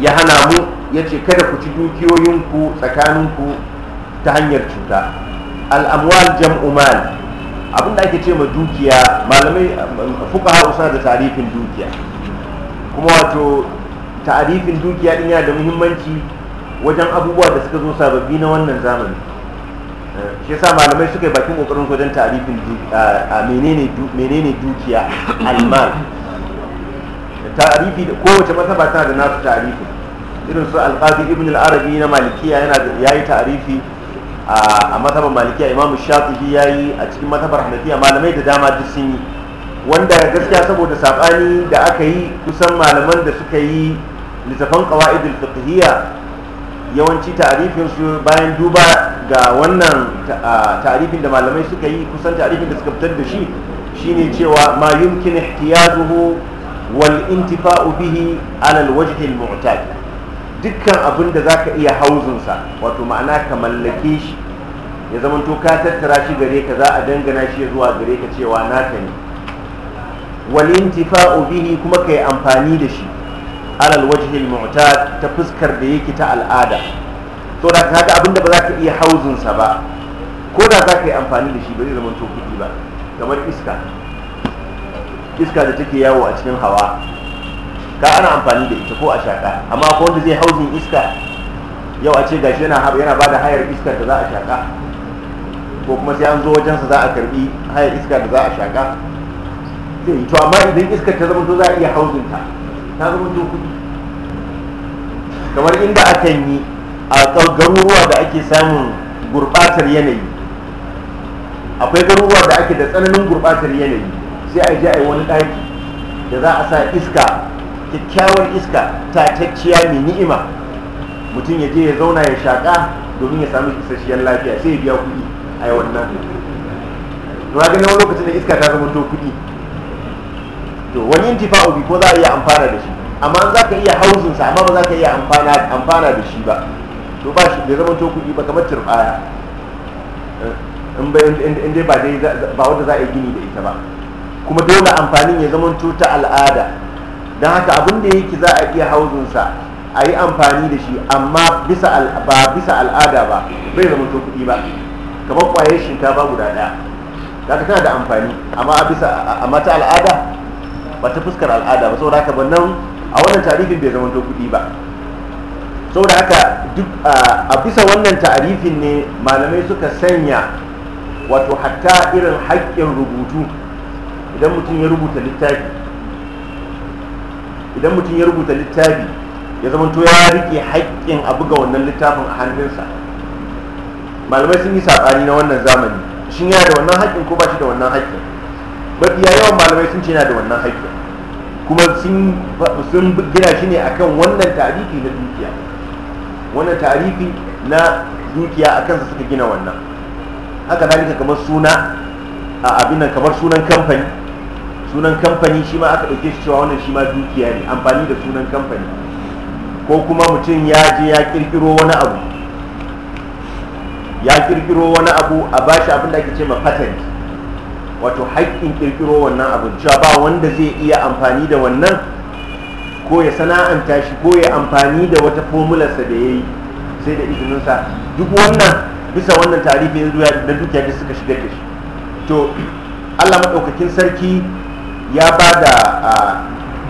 ya hana mu ya ce kada ku ci dukiyoyinku tsakaninku ta hanyar cuta al'amwal jamumal abinda ake ce ma dukiya malamai fuka hausa da tarifin dukiya kuma wato tarifin dukiya din yana da muhimmanci wajen abubuwa da suka zo sababbi na wannan zamani shi yasa malamai suka yi bakin kokarin wajen tarifin menene dukiya almal tarihi da kowace mazhaba tana da nasu tarifi irin su alqadi ibn al-arabi na malikiya yana yayi tarihi a mazhabar malikiya imam shafi'i yayi a cikin mazhabar hanafiya malamai da dama duk sun yi wanda gaskiya saboda sabani da aka yi kusan malaman da suka yi littafan qawaid al-fiqhiyya yawanci tarifin bayan duba ga wannan tarihin da malamai suka yi kusan tarihin da suka fitar da shi shine cewa ma yumkin ihtiyazuhu wal intifa'u bihi ala alwajhi dukkan abin da zaka iya hauzinsa wato ma'ana ka mallake shi ya zama to ka tattara shi gare ka za a dangana shi zuwa gare ka cewa naka ne wal intifa'u bihi kuma kai amfani da shi ala al mu'tad ta fuskar da yake ta al'ada to da kaga abin da ba zaka iya hauzinsa ba ko da za yi amfani da shi ba zai zama to kuɗi ba kamar iska iska da take yawo a cikin hawa ka ana amfani da ita ko a shaka amma ko wanda zai hauzin iska yau a ce gashi yana yana ba da hayar iska da za a shaka ko kuma sai an zo wajensa za a karbi hayar iska da za a shaka zai yi to amma idan iska ta zama to za a iya hauzin ta ta zama to kudi kamar inda akan yi a garuruwa da ake samun gurɓatar yanayi akwai garuruwa da ake da tsananin gurɓatar yanayi sai a ji a yi wani ɗaki da za a sa iska kyakkyawar iska ta cacciya mai ni'ima mutum ya je ya zauna ya shaƙa domin ya samu isasshiyar lafiya sai ya biya kuɗi a yi wannan to ga ganin wani lokacin da iska ta zama to kuɗi to wani intifa'u obi ko za a iya amfana da shi amma za ka iya hauzinsa amma ba za ka iya amfana da shi ba to ba shi bai zama to kuɗi ba kamar turɓaya eh, in dai ba wanda za a yi gini da ita ba kuma dole amfanin ya zama ta al'ada don haka abin da yake za a iya hauzunsa a yi amfani da shi amma ba bisa al'ada ba bai zama to kuɗi ba kamar kwayar shinkafa guda ɗaya za ka tana da amfani amma bisa a ta al'ada ba ta fuskar al'ada ba saboda haka ba nan a wannan tarifin bai zama to kuɗi ba saboda haka duk a bisa wannan tarifin ne malamai suka sanya wato hatta irin haƙƙin rubutu idan mutum ya rubuta littafi idan mutum ya rubuta littafi ya zama to ya rike haƙƙin a buga wannan littafin a hannunsa malamai sun yi saɓani na wannan zamani shin yana da wannan haƙƙin ko ba shi da wannan haƙƙin mafiya yawan malamai sun ce yana da wannan haƙƙin kuma sun gina shi ne akan wannan tarihi na dukiya wannan tarihi na dukiya a kansa suka gina wannan haka zalika kamar suna a abin nan kamar sunan kamfani sunan kamfani shi ma aka ɗauke shi cewa wannan shi ma dukiya ne amfani da sunan kamfani ko kuma mutum ya je ya kirkiro wani abu ya kirkiro wani abu a bashi abin da ake ce ma patent wato haƙƙin kirkiro wannan abu cewa ba wanda zai iya amfani da wannan ko ya sana'anta shi ko ya amfani da wata formularsa da ya yi sai da izininsa duk wannan bisa wannan tarihi na dukiya da suka shigar da shi to allah maɗaukakin sarki ya ba da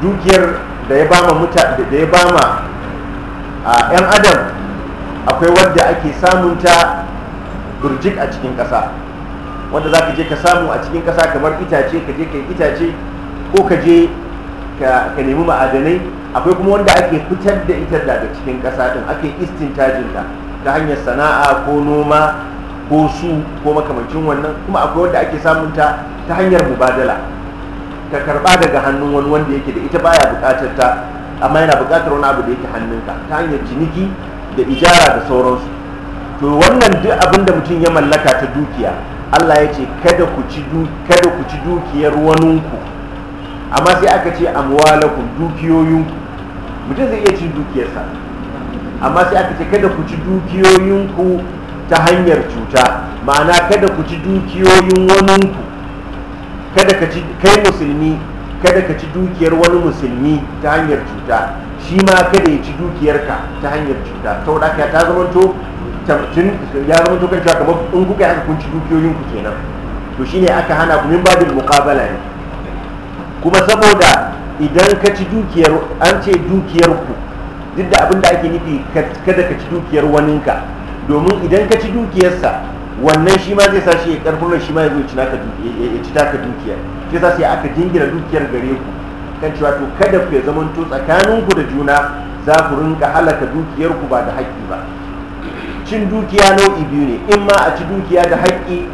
dukiyar da ya ba ma 'yan adam akwai wadda ake samun ta burjik a cikin kasa wanda za ka je ka samu a cikin ƙasa kamar itace ka je ka itace ko ka je ka nemi ma'adanai akwai kuma wanda ake fitar da ita daga cikin ƙasa ɗin ake istin ta hanyar sana'a ko noma ko su ko makamancin wannan kuma akwai wadda ake samunta ta hanyar mubadala ka karba daga hannun wani wanda yake da ita baya bukatar ta amma yana bukatar wani abu da yake hannunka ta hanyar ciniki da ijara da sauransu to wannan duk abin da mutum ya mallaka ta dukiya Allah ya ce kada ku ci kada ku ci dukiyar waninku amma sai aka ce amwalakum dukiyoyinku mutum zai iya dukiyar dukiyarsa amma sai aka ce kada ku ci dukiyoyinku ta hanyar cuta ma'ana kada ku ci dukiyoyin waninku kada ka ci kai musulmi kada ka ci dukiyar wani musulmi ta hanyar cuta shi ma kada ya ci dukiyarka ta hanyar cuta saboda haka ta zama to ya zama to kan cewa kamar in kuka haka kun ci dukiyoyinku kenan to shine aka hana ku min babin muqabala ne kuma saboda idan ka ci dukiyar an ce dukiyarku duk da abin da ake nufi kada ka ci dukiyar waninka domin idan ka ci dukiyarsa wannan shi ma zai sa shi ya karfin shi ma ya zo ya ci taka dukiya shi sa sai aka jingira dukiyar gare ku kan cewa to kada ku ya zamanto ku da juna za ku rinka halaka dukiyar ku ba da haƙƙi ba cin dukiya nau'i biyu ne in ma a ci dukiya da haƙƙi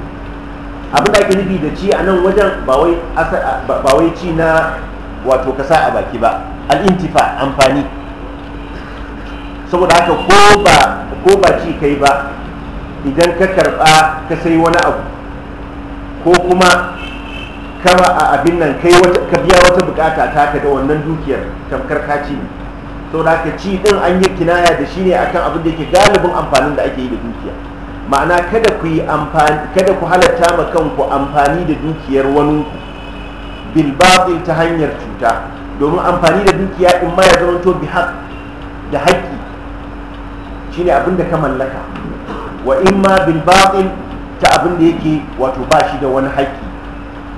abin da ake nufi da ci a nan wajen ba wai ci na wato kasa a baki ba al'intifa amfani saboda haka ko ba ci kai ba idan ka karɓa ka sai wani abu ko kuma kama a abin nan ka biya wata bukata ka da wannan dukiyar tamkar kaci ne saboda ka ci din an yi kinaya da shi ne akan abin da yake galibin amfanin da ake yi da dukiya ma'ana kada ku yi halatta ma kanku amfani da dukiyar wani bil ta hanyar cuta domin amfani da dukiya in ma ya zama to bi haq da haƙƙi shine abin da ka mallaka wa ma bil batil ta abin da yake wato ba shi da wani haƙƙi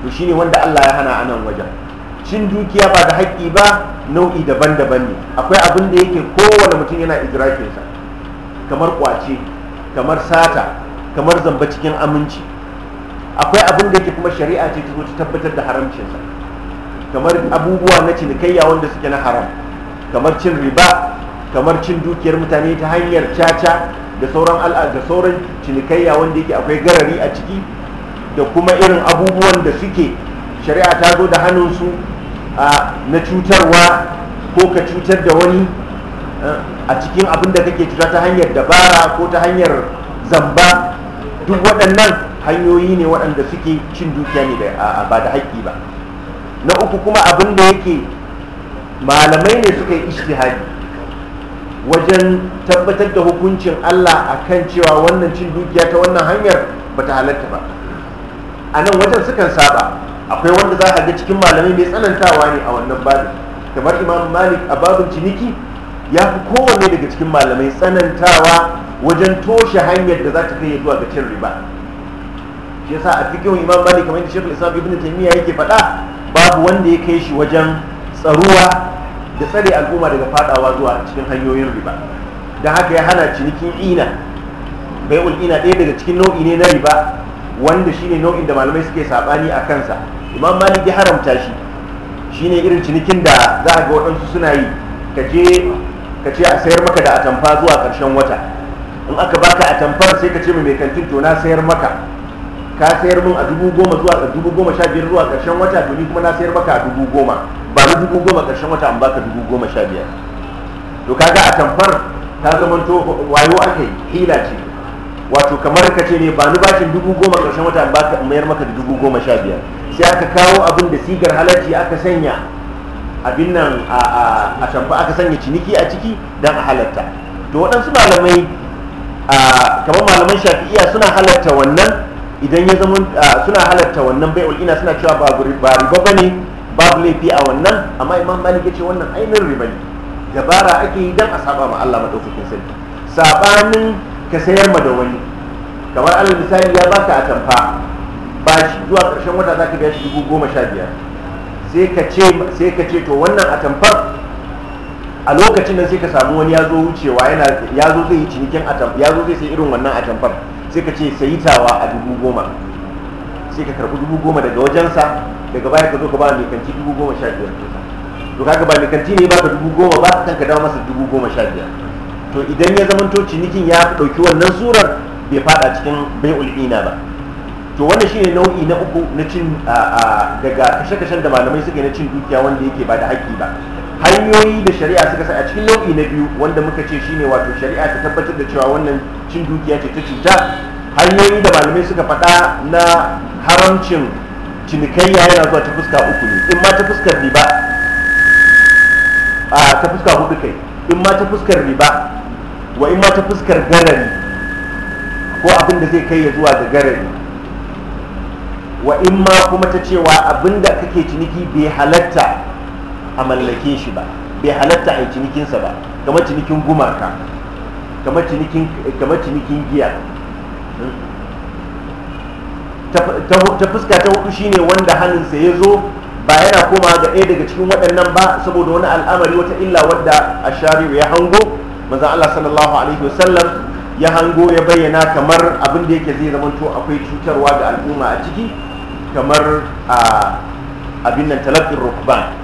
to shine wanda Allah ya hana anan wajen cin dukiya ba da haƙƙi ba nau'i daban-daban ne akwai abin da yake kowane mutum yana sa kamar kwace kamar sata kamar zamba cikin aminci akwai abin da yake kuma shari'a ce ta zo ta tabbatar da haramcinsa kamar abubuwa na cinikayya wanda suke na haram kamar cin riba kamar cin dukiyar mutane ta hanyar caca da sauran al'ada da sauran cinikayya wanda yake akwai garari a ciki da kuma irin abubuwan da suke shari'a ta zo da hannunsu na cutarwa ko ka cutar da wani a cikin abin da kake cuta ta hanyar dabara ko ta hanyar zamba duk waɗannan hanyoyi ne waɗanda suke cin dukiya ne ba da haƙƙi ba na uku kuma abin da yake malamai ne suka yi ishtihadi wajen tabbatar da hukuncin Allah kan cewa wannan cin dukiya ta wannan hanyar ba ta halatta ba a nan wajen sukan saba akwai wanda za a ga cikin malamai mai tsanantawa ne a wannan babin kamar imam malik a babin ciniki ya fi kowanne daga cikin malamai tsanantawa wajen toshe hanyar da za ta kai zuwa ga cin riba shi yasa a cikin imam malik kamar yadda shekul islam ibn taymiya yake faɗa babu wanda ya kai shi wajen tsaruwa da tsare al'umma daga fadawa zuwa cikin hanyoyin riba don haka ya hana cinikin ina bai ina ɗaya daga cikin nau'i ne na riba wanda shine nau'in da malamai suke saɓani a kansa imam malik ya haramta shi shine irin cinikin da za a ga waɗansu suna yi ka ce a sayar maka da atamfa zuwa ƙarshen wata in aka baka atamfar sai ka ce mai kantin to na sayar maka ka sayar min a dubu goma zuwa a dubu goma sha biyar zuwa ƙarshen wata to ni kuma na sayar maka a dubu goma ba ni dubu goma ƙarshen wata an baka dubu goma sha biyar to kaga a tamfar ta to wayo aka yi hila ce wato kamar ka ce ne ba ni bashin dubu goma ƙarshen wata an baka mayar maka da dubu goma sha biyar sai aka kawo abin da sigar halarci aka sanya abin nan a tamfa aka sanya ciniki a ciki don a halatta to waɗansu malamai kamar malaman shafi'iya suna halatta wannan idan ya zama ah, suna halatta wannan bai'ul ina suna cewa ba riba ba ne babu laifi a wannan amma imam malik ya ce wannan ainihin riba ne dabara ake yi don a saba ma allah maɗaukakin sarki saɓanin ka sayar ma da wani kamar alal misali ya baka atamfa ba shi zuwa ƙarshen wata za ka biya shi dubu goma sha biyar sai ka ce to wannan atamfar a lokacin da sai ka samu wani ya zo wucewa ya zo zai yi cinikin ya zo zai sai irin wannan atamfar sai ka ce sayi tawa a dubu goma sai ka karɓi dubu goma daga wajensa daga baya ka zo ka ba mai kanti dubu goma sha biyar to kaga ba mai kanti ne baka dubu goma ba kan ka dawo masa dubu goma sha biyar to idan ya zamanto cinikin ya ɗauki wannan surar bai fada cikin bai ul'ina ba to wannan shine nau'i na uku na cin daga kashe-kashen da malamai suka yi na cin dukiya wanda yake ba da haƙƙi ba hanyoyi da shari'a suka sa a cikin nau'i na biyu wanda muka ce shine wato shari'a ta tabbatar da cewa wannan cin dukiya ce ta cuta hanyoyi da malamai suka faɗa na haramcin cinikayya yana zuwa ta fuska uku ne in ma ta fuskar riba a ta fuska hudu kai in ma ta fuskar riba wa in ma ta fuskar garari ko abin da zai kai ya zuwa ga garari wa in ma kuma ta cewa abin da kake ciniki bai halatta a mallake shi ba bai halatta a cinikinsa ba kama cinikin gumaka kama cinikin giya ta fuska ta hudu shine wanda hannunsa ya zo ba yana koma ga ɗaya daga cikin waɗannan ba saboda wani al'amari wata illa wadda a shari'u ya hango maza allah sallallahu alaihi wasallam ya hango ya bayyana kamar abin da yake zai zamanto akwai cutarwa ga al'umma a ciki kamar a abin nan talafin rukban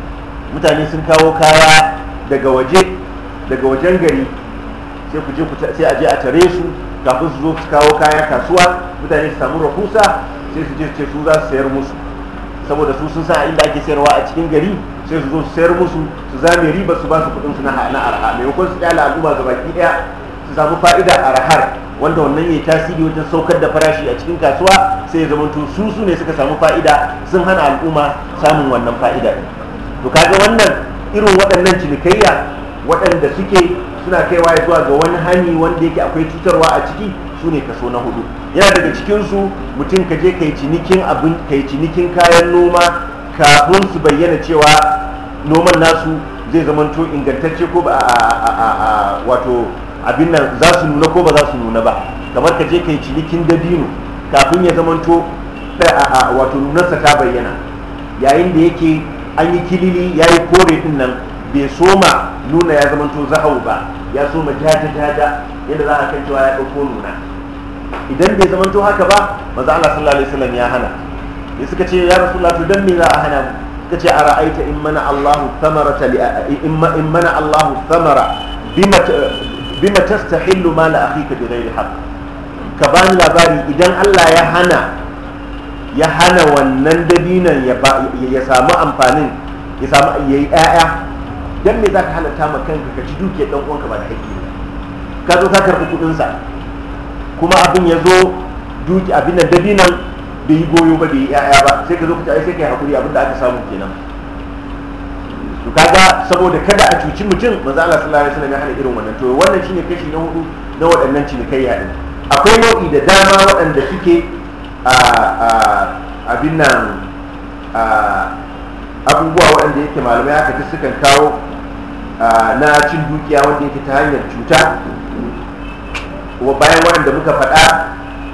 mutane sun kawo kaya daga waje daga wajen gari sai ku je ku sai a je a tare su kafin su zo su kawo kaya kasuwa mutane su samu rahusa sai su je su ce su za su sayar musu saboda su sun san inda ake sayarwa a cikin gari sai su zo su sayar musu su zame riba su ba su kudin su na arha maimakon su kyala al'umma ga baki ɗaya su samu fa'ida a arhar wanda wannan yayi tasiri wajen saukar da farashi a cikin kasuwa sai ya zamanto su su ne suka samu fa'ida sun hana al'umma samun wannan fa'ida to kaga wannan irin waɗannan cinikayya waɗanda suke suna kaiwa ya zuwa ga wani hani wanda yake akwai cutarwa a ciki su ne kaso na hudu yana daga cikinsu mutum ka je kai cinikin abin kai cinikin kayan noma kafin su bayyana cewa noman nasu zai zamanto ingantacce ko ba a wato abin nan za su nuna ko ba za su nuna ba kamar ka je kai cinikin dabino kafin ya zamanto wato nunarsa ta bayyana yayin da yake an yi kilili ya yi kore din nan bai soma nuna ya zama to zahau ba ya soma jata jata yadda za a kan cewa ya ɗauko nuna idan bai zama to haka ba maza Allah sallallahu alaihi wasallam ya hana ya suka ce ya rasulullah to dan me za a hana mu suka ce a ra'aita in mana Allahu thamarata in mana Allahu thamara bima bima tastahillu mala akhika bi ghairi haqq ka bani labari idan Allah ya hana ya hana wannan dabinan ya samu amfanin ya samu ya yi ɗaya don me za ka hana ma kanka ka ci duke ɗan uwanka ba da haƙƙi ka zo ka karɓi kuɗinsa kuma abin ya zo duke abin nan dabinan bai yi goyo ba bai yi ƴaƴa ba sai ka zo ka ci sai ka yi haƙuri abin da aka samu kenan to kaga saboda kada a cuci mutum maza Allah sallallahu alaihi wasallam ya hana irin wannan to wannan shine kashi na hudu na waɗannan cinikayya din akwai nau'i da dama waɗanda suke abin nan abubuwa waɗanda yake malamai aka fi sukan kawo na cin dukiya wanda yake ta hanyar cuta bayan waɗanda muka faɗa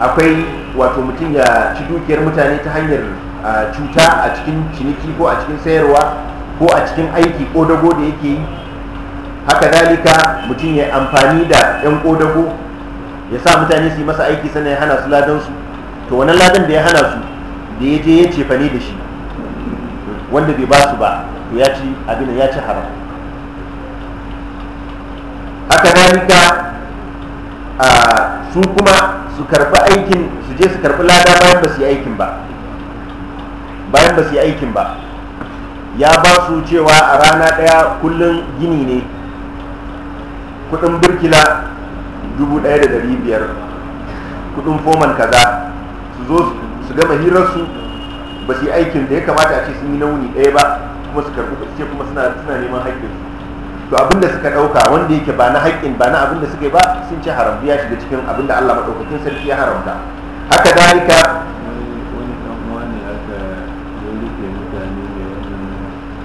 akwai wato mutum ya ci dukiyar mutane ta hanyar cuta a cikin ciniki ko a cikin sayarwa ko a cikin aiki ƙodago da yake yi haka dalika mutum ya amfani da 'yan ƙodago ya sa mutane su yi masa aiki sana ya hana su ladansu to wannan ladan da ya hana su da ya je ya cefa ne da shi wanda bai ba su ba to ya ci abin ya ci haram aka dalika a su kuma su karɓi aikin su je su karfi lada bayan ba su yi aikin ba bayan ba su yi aikin ba ya ba su cewa a rana ɗaya kullum gini ne kudin birkila 1,500 kudin foman kaza zo su gama hirarsu ba su yi aikin da ya kamata a ce sun yi na wuni ɗaya ba kuma su karɓi ba ce kuma suna neman su to abin da suka ɗauka wanda yake ba na haƙƙin ba na abin da suka yi ba sun ci haram ya shiga cikin abin da Allah maɗaukakin sarki ya haramta haka dalika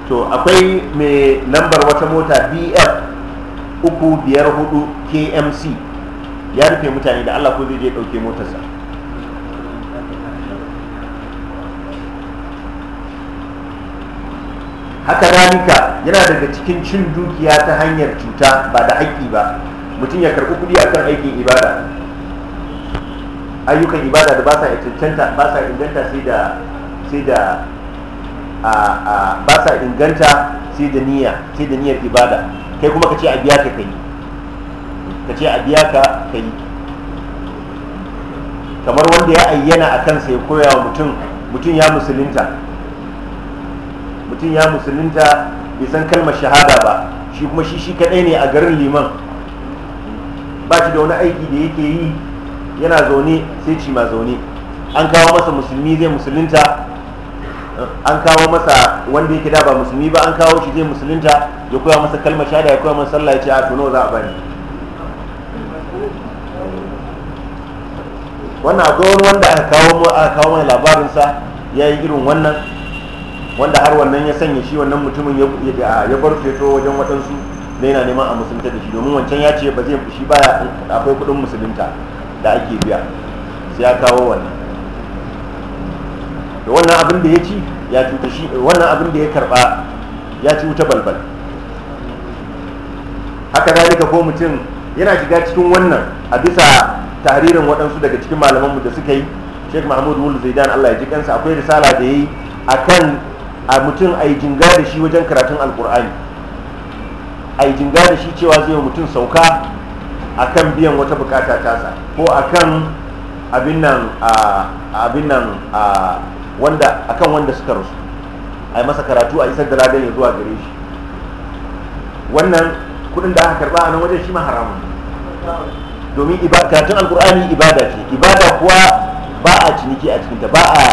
to akwai mai lambar wata mota bf 354 kmc ya rufe mutane da Allah ko zai je ɗauke motarsa haka ramika yana daga cikin cin dukiya ta hanyar cuta ba da haƙƙi ba mutum ya karɓi kuɗi akan aikin ibada ayyukan ibada da ba sa inganta sai da sai da ba sa inganta sai da niyya sai da niyyar ibada kai kuma ka ce a biya ka kai ka ce a biya ka kai kamar wanda ya ayyana a kansa ya koya wa mutum mutum ya musulunta mutum ya musulunta bai san kalmar shahada ba shi kuma shi shi kadai ne a garin liman ba shi da wani aiki da yake yi yana zaune sai ci ma zaune an kawo masa musulmi zai musulunta an kawo masa wanda yake da ba musulmi ba an kawo shi zai musulunta ya koya masa kalmar shahada ya koya masa sallah ya ce a tono za a bani wannan akwai wani wanda aka kawo mana labarinsa ya yi irin wannan wanda har wannan ya sanya shi wannan mutumin ya bar feto wajen waɗansu da yana neman a musulunta da shi domin wancan ya ce ba zai fushi baya akwai kuɗin musulunta da ake biya sai ya kawo wannan da wannan abin da ya ci ya cuta shi wannan abin da ya karba ya ci wuta balbal haka dalika ko mutum yana shiga cikin wannan a bisa tahririn waɗansu daga cikin malamanmu da suka yi sheikh mahmud wulu zaidan allah ya ji kansa akwai risala da ya yi a kan a mutum a yi jinga da shi wajen karatun alkur'ani a yi jinga da shi cewa zai wa mutum sauka a kan biyan wata bukata tasa ko a kan abin nan wanda a kan wanda suka rasu a yi masa karatu a isar da ladan ya zuwa gare shi wannan kudin da aka karba a nan wajen shi ma haramun domin karatun alkur'ani ibada ce ibada kuwa ba a ciniki a cikinta ba a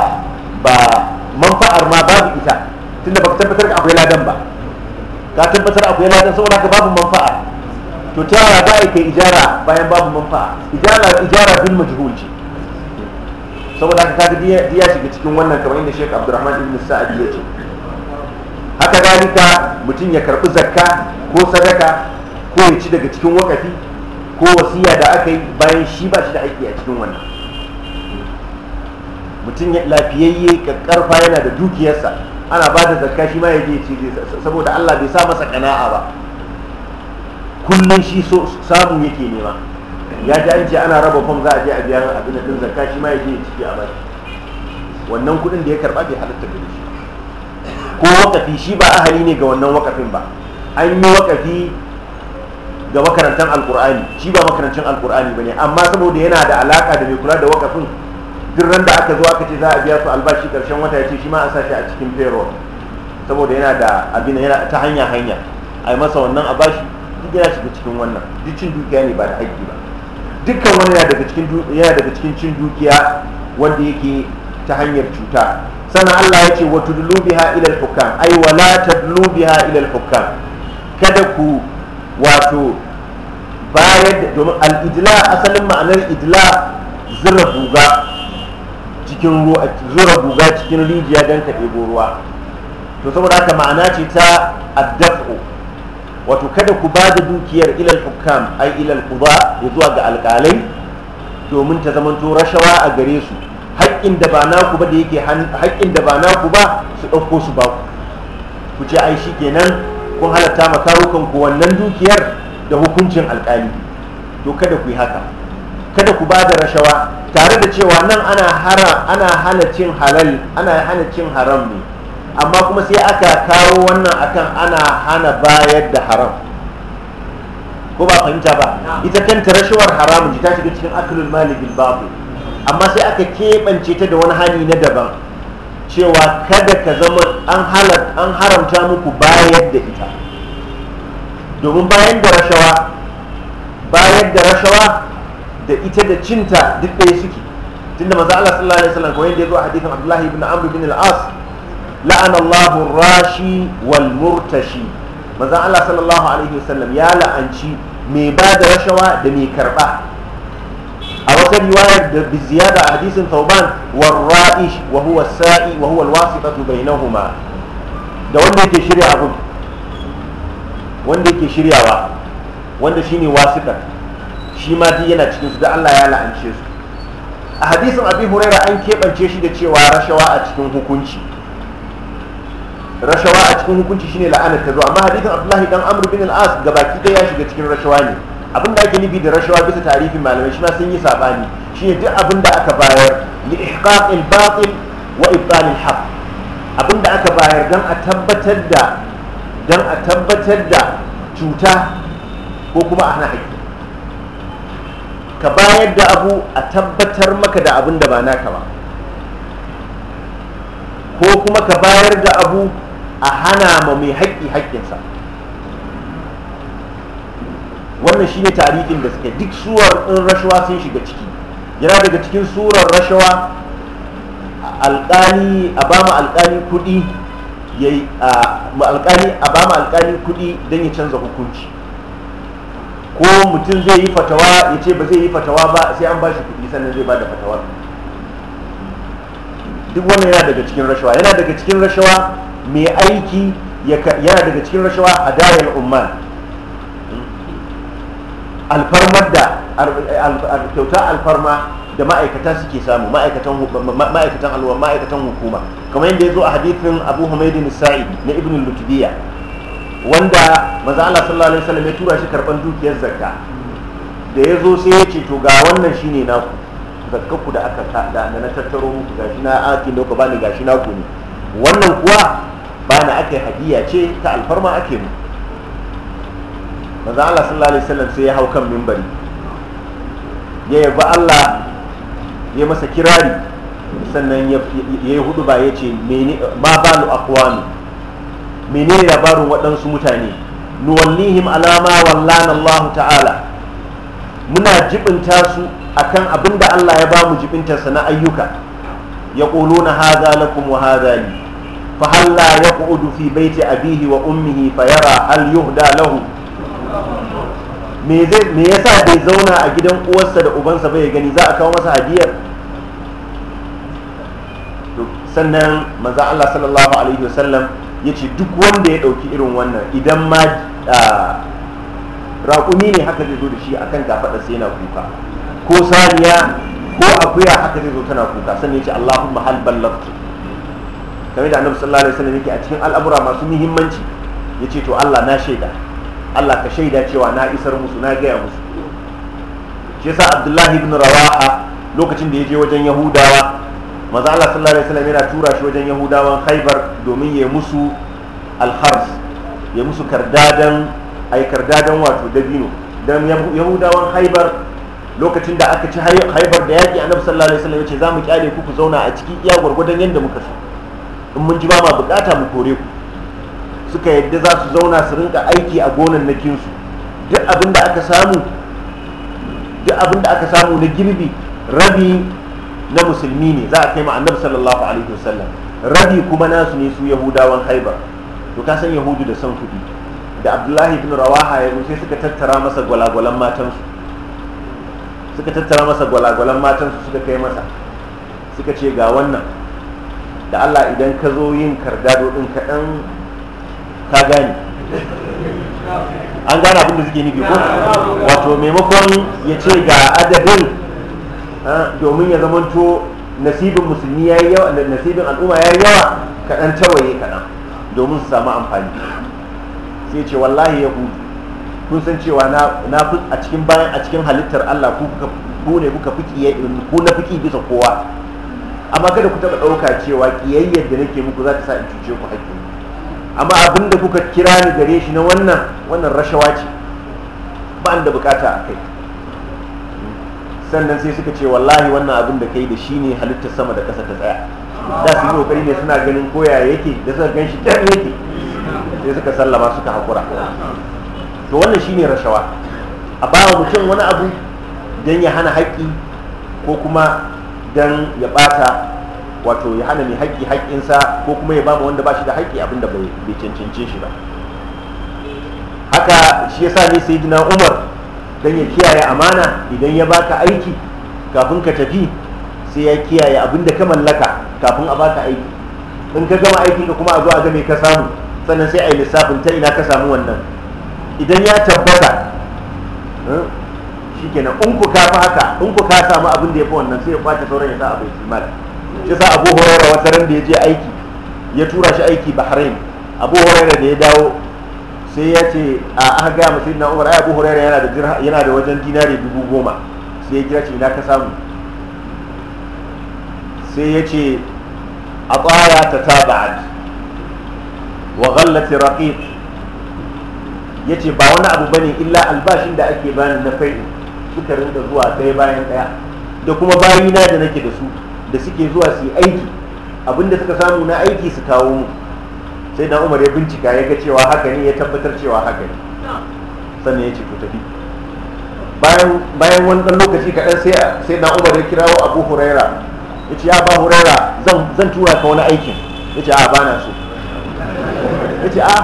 ba manfa'ar ma babu ita tunda baka tabbatar akwai ladan ba ka tabbatar akwai ladan saboda ka babu manfa'a to ta yaya za a kai ijara bayan babu manfa'a ijara ijara bil majhul ce saboda haka kaga diya shiga cikin wannan kamar inda Sheikh Abdulrahman ibn Sa'ad ya ce haka dalika mutum ya karbi zakka ko sadaka ko ya ci daga cikin wakafi ko wasiya da aka yi bayan shi ba shi da aiki a cikin wannan mutum lafiyayye karfa yana da dukiyarsa ana ba da zakka shi ma ya je cije saboda Allah bai sa masa kana'a ba kullum shi so samu yake nema ya ji an ce ana raba fom za a je a biya abin din zakka shi ma ya je ciki a bai wannan kuɗin da ya karba bai halatta da shi ko wakafi shi ba ahali ne ga wannan wakafin ba an yi wakafi ga makarantar alkur'ani shi ba makarantar alkur'ani ba ne amma saboda yana da alaka da mai kula da wakafin duk ran da aka zo aka ce za a biya su albashi karshen wata ya ce shi ma a sashi a cikin payroll saboda yana da abin yana ta hanya hanya a yi masa wannan albashi duk yana shiga cikin wannan duk cin dukiya ne ba da haƙƙi ba dukkan wani yana daga cikin yana daga cikin cin dukiya wanda yake ta hanyar cuta sannan Allah ya ce wa tudlu biha ila al-hukam ay wa la tadlu biha ila al-hukam kada ku wato bayar domin al-idla asalin ma'anar idla zira buga cikin ruwa zura guga cikin rijiya don ka ɗebo ruwa to saboda haka ma'ana ce ta addafu wato kada ku ba da dukiyar ilal hukam ai ilal kuba ya zuwa ga alƙalai domin ta zamanto rashawa a gare su haƙƙin da ba ku ba da yake haƙƙin da ba ku ba su ɗauko su ba ku ku ce ai shi kenan kun halatta ma kawukan ku wannan dukiyar da hukuncin alƙali to kada ku yi haka kada ku ba da rashawa tare da cewa nan ana hara ana hana cin halal ana hana cin haram ne amma kuma sai aka kawo wannan akan ana hana bayar da haram ko ba fahimta ba ita kanta rashawar haramun ji ta shiga cikin aklul mali bil babu amma sai aka keɓance ta da wani hani na daban cewa kada ka zama an halar an haramta muku bayar da ita domin bayan da rashawa bayar da rashawa da ita da cinta duk ɗaya suke tunda maza Allah sallallahu alaihi wasallam kamar yadda ya zo a hadithin Abdullah ibn Amr ibn al-As la'ana Allah rashi wal murtashi manzo Allah sallallahu alaihi wasallam ya la'anci mai ba da rashawa da mai karba a wata riwayar da bi ziyada a hadisin Thawban war ra'ish wa huwa sa'i wa huwa al-wasitatu bainahuma da wanda yake shirya abu wanda yake shiryawa wanda shine wasitar shi ma duk yana cikin su da Allah ya la'ance su a hadisin abi huraira an keɓance shi da cewa rashawa a cikin hukunci rashawa a cikin hukunci shine la'anar ta zo amma hadisin abdullahi dan amr bin al-as gabaki ɗaya ya shiga cikin rashawa ne abin da ake nufi da rashawa bisa tarihin malamai shi ma sun yi sabani ne duk abin da aka bayar li ihqaq al-batil wa al abin da aka bayar dan a tabbatar da dan a tabbatar da cuta ko kuma a hana haƙƙi ka bayar da abu a tabbatar maka da abin da ba naka ba ko kuma ka bayar da abu a hana ma mai haƙƙi haƙƙinsa wannan shi ne tarihin da suke duk suwar in rashawa sun shiga ciki yana daga cikin surar rashawa alƙali a ba alƙali alƙali a ba alƙali kuɗi don ya canza hukunci ko mutum zai yi fatawa ya ce ba zai yi fatawa ba sai an ba shi kuɗi sannan zai ba da fatawa duk wannan yana daga cikin rashawa yana daga cikin rashawa mai aiki yana daga cikin rashawa a dayar umman alfarmar da kyauta alfarma da ma'aikata suke samu ma'aikatan ma'aikatan hukuma kamar yadda ya zo a hadithin abu humaydin sa'id na ibn lutubiya wanda maza Allah sallallahu alaihi wasallam ya tura shi karban dukiyar zakka da ya zo sai ya ce to ga wannan shine naku zakkaku da aka da na tattaro muku gashi na aki da ku bani gashi naku ne wannan kuwa ba na aka hadiya ce ta alfarma ake mu maza Allah sallallahu alaihi wasallam sai ya hau kan minbari ya yabi Allah ya masa kirari sannan ya yi hudu ba ya ce ma ba lu aqwami menene labarin waɗansu mutane nuwallihim alama wallan Allah ta'ala muna jibinta su akan abin da Allah ya ba mu sa na ayyuka ya na haza na kuma haza li fa halla udu fi baiti abihi wa ummihi fa yara hal yuhda lahu me ya sa yasa bai zauna a gidan uwarsa da ubansa bai gani za a kawo masa hadiyar sannan maza Allah sallallahu alaihi wasallam ya ce duk wanda ya ɗauki irin wannan idan ma raƙumi ne haka zai zo da shi a kan kafaɗa sai yana kuka ko saniya ko akuya haka zai zo tana kuka sannan ya ce allahu mahal ballagtu kamar da annabi sallallahu alaihi wasallam yake a cikin al'amura masu muhimmanci ya ce to allah na shaida allah ka shaida cewa na isar musu na gaya musu shi yasa abdullahi ibn rawaha lokacin da ya je wajen yahudawa maza Allah sallallahu alaihi wasallam yana tura shi wajen yahudawan khaibar domin ya musu alhars ya musu kardadan ai kardadan wato dabino dan yahudawan khaibar lokacin da aka ci haibar da yaƙi annabi sallallahu alaihi wasallam ya ce za mu kyale ku ku zauna a ciki iya gwargwadon yadda muka so in mun ji ba ma bukata mu kore ku suka yadda za su zauna su rinka aiki a su duk abin da aka samu duk abin da aka samu na girbi rabi na musulmi ne za a kai ma annabi sallallahu alaihi wasallam rabi kuma nasu ne su yahudawan haibar to ka san yahudu da son kuɗi da abdullahi bin rawaha ya sai suka tattara masa gwalagwalan matansu suka tattara masa gwalagwalan matansu suka kai masa suka ce ga wannan da allah idan ka zo yin kardado ɗin kaɗan ka gane an gane abin da suke nufi ko wato maimakon ya ce ga adadin domin ya zamanto nasibin musulmi ya yi yawa nasibin al'umma ya yi yawa kaɗan tawaye kaɗan domin su samu amfani sai ce wallahi hudu kun san cewa na fi a cikin bayan a cikin halittar allah ku ne kuka fi ku na fiki bisa kowa amma kada ku taɓa ɗauka cewa ƙiyayyar da nake muku za ta sa in cuce ku haƙƙi amma abin da kuka kira ni gare shi na wannan wannan rashawa ce ba da bukata a kai sannan sai suka ce wallahi wannan abin da kai da shi ne halittar sama da ƙasa ta tsaya da su yi kokari ne suna ganin koya yake da suka gan shi ɗan yake sai suka sallama suka haƙura to wannan shi ne rashawa a bawa mutum wani abu don ya hana haƙƙi ko kuma don ya ɓata wato ya hana mai haƙƙi haƙƙinsa ko kuma ya bama wanda ba shi da haƙƙi abin da bai cancance shi ba haka shi yasa ne sai umar don ya kiyaye amana idan ya baka aiki kafin ka tafi sai ya kiyaye abin da ka mallaka kafin a baka aiki in ka gama aiki ka kuma a zo a game ka samu sannan sai a yi lissafin ta ina ka samu wannan idan ya tabbata eh, shikenan in ku ka haka in ku ka samu abin da ya fi wannan sai ya kwace sauran ya sa abu ya shi sa abu horarwa wata ran da ya je aiki ya tura shi aiki bahrain abu horarwa da ya dawo sai ya ce a aka gaya masu na umar ai abu yana da yana da wajen dinari dubu goma sai ya kira ce ina ka samu sai ya ce a tsaya ta ad wa ghallati ya ce ba wani abu bane illa albashin da ake bani na fai'in suka rinka zuwa ɗaya bayan ɗaya da kuma bayina da nake da su da suke zuwa su yi aiki abinda suka samu na aiki su kawo mu sai na umar ya bincika ya ga cewa haka ne ya tabbatar cewa haka ne sannan ya ce ku tafi bayan wani ɗan lokaci kaɗan sai na umar ya kira wa abu huraira ya ce ya ba huraira zan tura ka wani aikin ya ce a ba na so ya ce a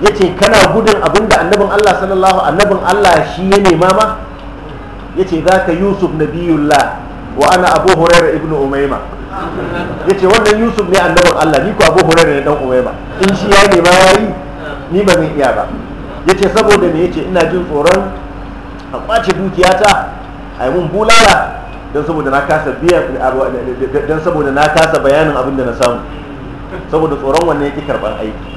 ya ce kana gudun abin da annabin allah sallallahu annabin allah shi ya nema ma ya ce za ka yusuf nabiyullah wa ana abu huraira ibnu umaima yace wannan yusuf ne annabin allah ni ko abu hurare ne dan umaima in shi ya nema ya yi ni ba zan iya ba yace ce saboda me ya ce ina jin tsoron a kwace dukiyata a yi mun bulala don saboda na kasa biya don saboda na kasa bayanin abin da na samu saboda tsoron wannan yake karban aiki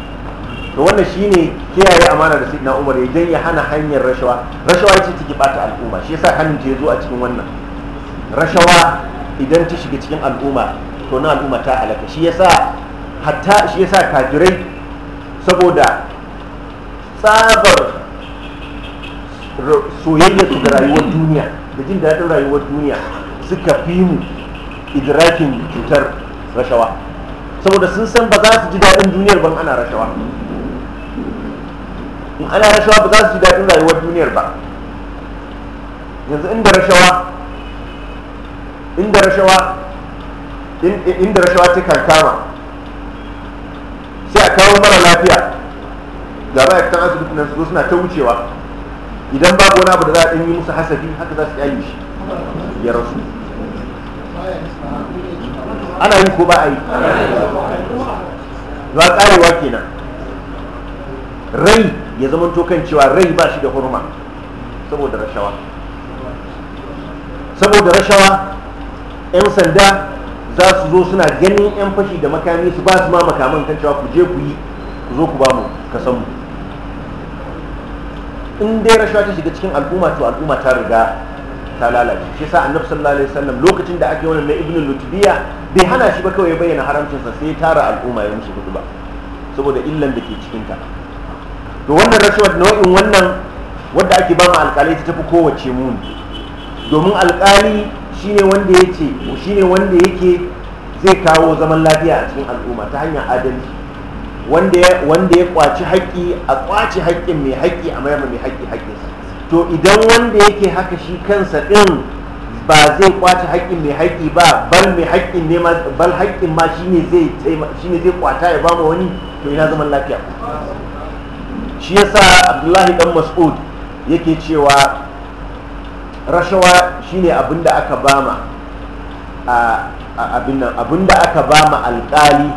to wannan shine kiyaye amana da sidna umar idan ya hana hanyar rashawa rashawa ce take bata al'umma shi yasa hannun ta zo a cikin wannan rashawa idan ta shiga cikin al'umma to na al'umma ta alaka. shi yasa hatta shi yasa kafirai saboda tsabar soyayya su da rayuwar duniya da jin daɗin rayuwar duniya suka fi mu idrakin cutar rashawa saboda sun san ba za su ji daɗin duniyar ban ana rashawa in ana rashawa ba za su ji daɗin rayuwar duniyar ba yanzu inda rashawa inda rashawa inda rashawa ta kankama sai a kawo mara lafiya ga ma'aikatan asibiti nan su suna ta wucewa idan babu wani abu da za a yi musu hasafi haka za su kyale shi ya rasu ana yi ko ba a yi za karewa kenan rai ya zama tokan cewa rai ba shi da hurma saboda rashawa saboda rashawa 'yan sanda za su zo suna ganin 'yan fashi da makami su ba su ma makaman kan cewa ku je ku yi ku zo ku ba mu ka san mu in dai rashawa ta shiga cikin al'umma to al'umma ta riga ta lalace shi yasa annabi sallallahu alaihi wasallam lokacin da ake wannan na ibnu lutbiya bai hana shi ba kawai bayyana haramcin sa sai tara al'umma ya musu hudu ba saboda illan da ke cikin ta to wannan rashawa nau'in wannan wanda ake ba mu alƙalai ta tafi kowace muni domin alƙali shine wanda yake shine wanda yake zai kawo zaman lafiya a cikin al'umma ta hanyar adalci wanda ya wanda ya kwaci haƙƙi a kwaci haƙƙin mai haƙƙi a mayar mai haƙƙi haƙƙinsa to idan wanda yake haka shi kansa din ba zai kwaci haƙƙin mai haƙƙi ba bal mai haƙƙin ne ma bal haƙƙin ma shine zai shine zai kwata ya ba wani to ina zaman lafiya shi yasa Abdullahi dan Mas'ud yake cewa rashawa shine abin da aka bama ma abinda aka bama alkali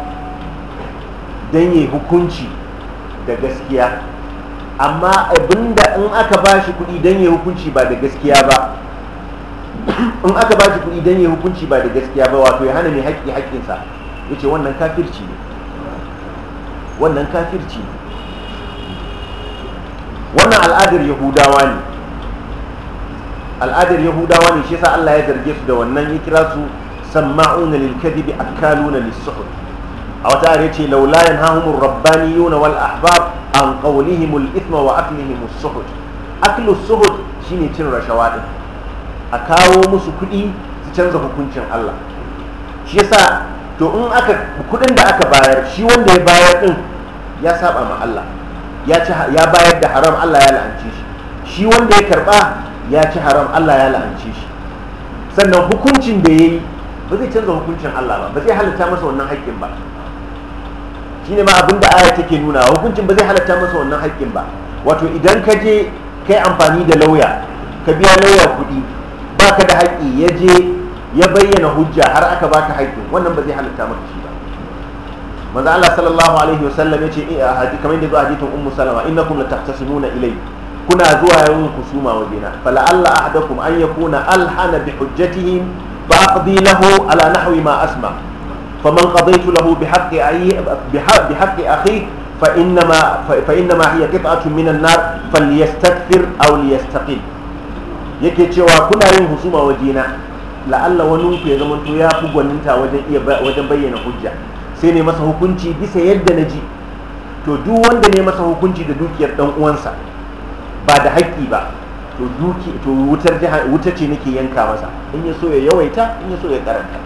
don yi hukunci da gaskiya amma abin da in aka ba shi kudi don yi hukunci ba da gaskiya ba in aka ba shi kudi don yi hukunci ba da gaskiya ba wato ya hana mai haƙƙi haƙƙinsa ya ce wannan kafirci ne wannan kafirci ne wannan al'adar yahudawa ne al'adar yahudawa ne shi yasa Allah ya zarge su da wannan ya kira su sama'una lil kadhibi akaluna lis suhud a wata are ce laula ar rabbaniyuna wal ahbab an al ithma wa as suhud as suhud shine cin rashawa din a kawo musu kuɗi su canza hukuncin Allah shi yasa to in aka kuɗin da aka bayar shi wanda ya bayar din ya saba ma Allah ya bayar da haram Allah ya la'anci shi shi wanda ya karba ya ci haram Allah ya la'anci shi sannan hukuncin da ya yi ba zai canza hukuncin Allah ba ba zai halatta masa wannan haƙƙin ba shi ne ma abin da aya take nuna hukuncin ba zai halatta masa wannan haƙƙin ba wato idan ka je kai amfani da lauya ka biya lauya kuɗi ba ka da haƙƙi ya je ya bayyana hujja har aka ka haƙƙin wannan ba zai halatta maka shi ba manzo Allah sallallahu alaihi wasallam ya ce eh, kamar yadda zuwa hadithin ummu salama innakum la tahtasimuna ilayhi kuna zuwa yin kusuma wajena fala an alhana bi hujjatihim fa aqdi lahu ala nahwi ma asma faman qadaytu lahu bi haqqi ayi bi haqqi akhi fa fa hiya qit'atun min an-nar aw liyastaqil yake cewa kuna yin husuma wajena la'alla wani ku ya zama to ya fi gwaninta wajen iya wajen bayyana hujja sai ne masa hukunci bisa yadda na ji to duk wanda ne masa hukunci da dukiyar dan uwansa ba da haƙƙi ba to duki to wutar wuta ce nake yanka masa in ya so ya yawaita in ya so ya karanta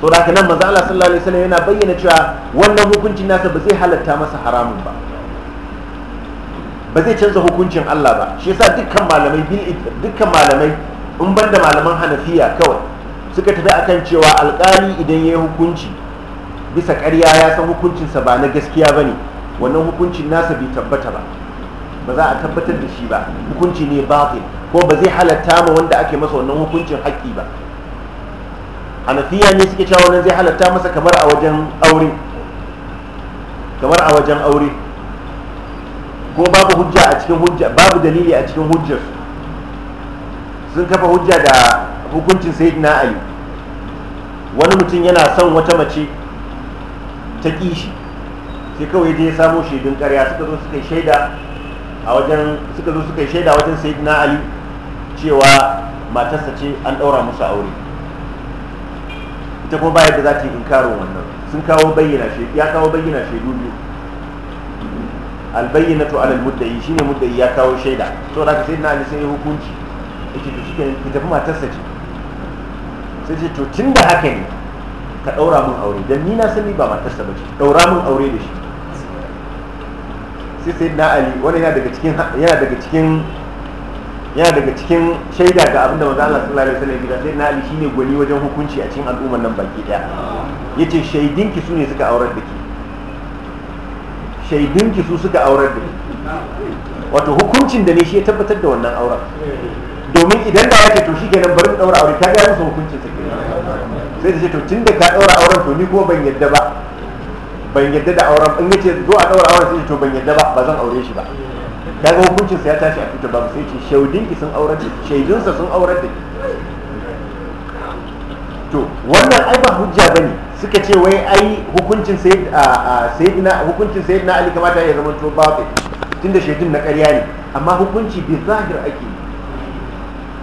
to da haka nan manzo Allah sallallahu alaihi wasallam yana bayyana cewa wannan hukuncin nasa ba zai halatta masa haramun ba ba zai canza hukuncin Allah ba shi yasa dukkan malamai bil dukkan malamai in banda malaman Hanafiya kawai suka tafi akan cewa alƙali idan yayi hukunci bisa ƙarya ya san hukuncinsa ba na gaskiya ba ne wannan hukuncin nasa bai tabbata ba ba za a tabbatar da shi ba hukunci ne batil ko ba zai halatta ma wanda ake masa wannan hukuncin haƙƙi ba hanafiya ne suke cewa wannan zai halatta masa kamar a wajen aure kamar a wajen aure ko babu hujja a cikin hujja babu dalili a cikin hujjar sun kafa hujja da hukuncin sayyidina ali wani mutum yana son wata mace ta kishi sai kawai je ya samo shaidun karya suka zo suka shaida a wajen suka zo suka yi shaida wajen na ali cewa matarsa ce an ɗaura musu aure ita kuma ba yadda za ta yi inkarin wannan sun kawo bayyana shaidu ya kawo bayyana shaidu biyu albayyana to alal muddayi shine muddayi ya kawo shaida to da sai na sai hukunci yake to shike ki tafi matarsa ce sai ce to tunda haka ne ka ɗaura mun aure dan ni na sani ba matarsa ba ce ɗaura mun aure da shi sai sai na ali wani yana daga cikin yana daga cikin yana daga cikin shaida ga abinda maza Allah sallallahu alaihi wasallam ya sai na ali shine gwani wajen hukunci a cikin al'ummar nan baki daya yace shaidinki su ne suka aurar da ki shaidinki su suka aurar da ki wato hukuncin da ne shi ya tabbatar da wannan auren domin idan da wace to shikenan bari mu daura aure ta ga musu hukuncin sai ta ce to tun da ka daura auren to ni kuma ban yadda ba ban yadda da auren in yace zo a daura auren sai to ban yadda ba ba zan aure shi ba kaga hukuncin sa ya tashi a fita ba sai ce shaudin ki sun aure shaidun sa sun aure da to wannan ai ba hujja bane suka ce wai ai hukuncin sai sayyidina hukuncin sayyidina ali kamata ya zama to ba ba tunda shaidun na ƙarya ne amma hukunci bi zahir ake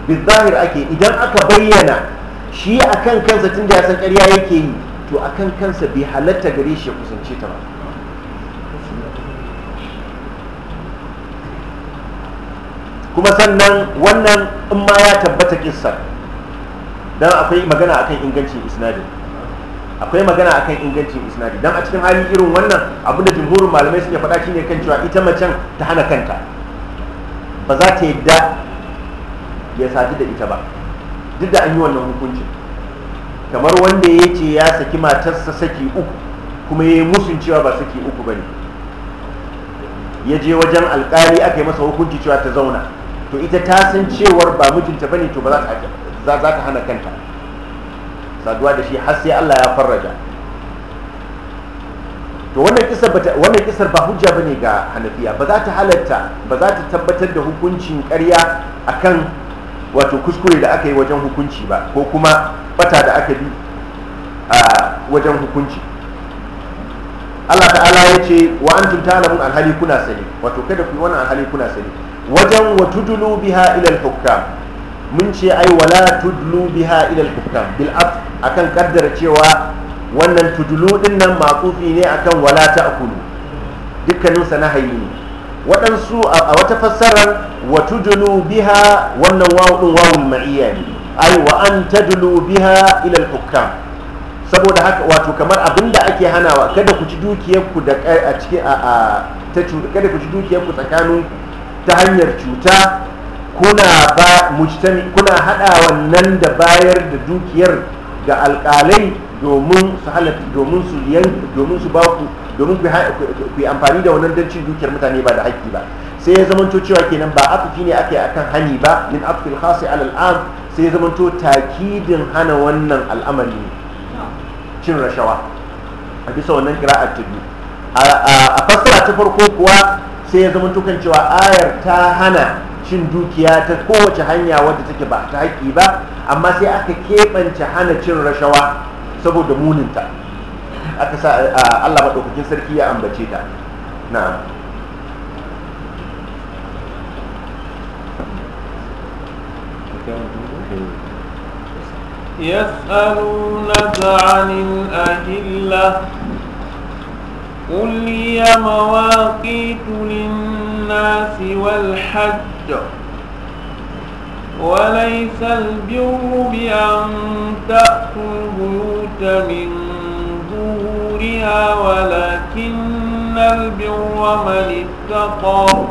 bi zahir ake idan aka bayyana shi akan kansa tunda ya san ƙarya yake yi to a kan kansa bai halatta gare shi ya kusance ta ba kuma sannan wannan in ma ya tabbata kissa don akwai magana akan ingancin isnadin akwai magana akan ingancin isnadi don a cikin hali irin wannan da jumhurin malamai suke faɗa shine kan cewa ita macen ta hana kanta ba za ta yadda ya sadu da ita ba duk da an yi wannan hukuncin kamar wanda ya ce ya saki matarsa saki uku kuma ya yi musun cewa ba saki uku ba ne ya je wajen alkali aka yi masa hukunci cewa ta zauna to ita ta san cewar ba mijinta bane to ba za ta hana kanta saduwa da shi har sai Allah ya farraja to wannan kisar ba wannan kisar ba hujja bane ga Hanafiya ba za ta halatta ba za ta tabbatar da hukuncin ƙarya akan wato kuskure da aka yi wajen hukunci ba ko kuma fata da aka bi a wajen hukunci Allah ta'ala ya ce wa tun ta'lamun alhali kuna sani wato kada ku yi wannan alhali kuna sani wajen wa tudulu biha ila al-hukam mun ce ai wala tudulu biha ila al-hukam bil af akan kaddara cewa wannan tudulu din nan maqufi ne akan wala ta'kulu dukkanin sa nahayi ne waɗansu a wata fassarar wa tudulu biha wannan wawun wawun ma'iyya ne ai wa an tadulu biha ila hukam saboda haka wato kamar abinda ake hanawa kada ku ci dukiyarku da a cikin a ta kada ku ci dukiyarku tsakanin ta hanyar cuta kuna ba mujtami kuna hada wannan da bayar da dukiyar ga alƙalai domin su halatta domin su domin su ba ku domin ku amfani da wannan dancin cin dukiyar mutane ba da haƙƙi ba sai ya zamanto cewa kenan ba afufi ne ake akan hani ba min afil khasi alal sai ya zamanto takidin hana wannan al'amari cin rashawa a bisa wannan kira'ar ta biyu a fassara ta farko kuwa sai ya zamanto kan cewa ayar ta hana cin dukiya ta kowace hanya wadda take ba ta haƙƙi ba amma sai aka keɓance hana cin rashawa saboda muninta aka sa Allah maɗaukakin sarki ya ambace ta na yasalunaka anil ahilla قل هي مواقيت للناس والحج وليس البر بأن تأتوا البيوت من ظهورها ولكن البر من اتقى